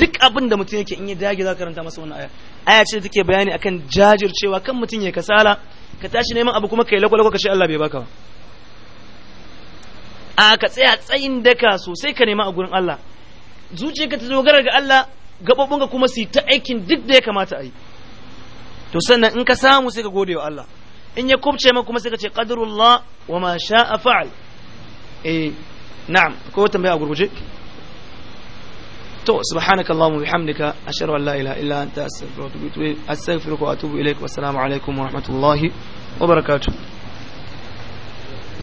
duk abin da mutum yake in yi dage za karanta masa wani aya aya ce take bayani akan jajircewa kan mutum ya kasala ka tashi neman abu kuma kai lakwalakwa ka ce Allah bai baka ba a ka tsaya tsayin daka sosai ka nema a gurin Allah Zuciya ka ta dogara ga Allah ka kuma su yi ta aikin duk da ya kamata a yi to sannan in ka samu sai ka gode wa Allah in ya kubce ma kuma sai ka ce qadarullah wa ma sha'a fa'al eh na'am ko tambaya a gurguje to subhanakallahumma bihamdika ashhadu an la ilaha illa anta astaghfiruka wa atubu ilaik wa assalamu alaikum wa rahmatullahi wa barakatuh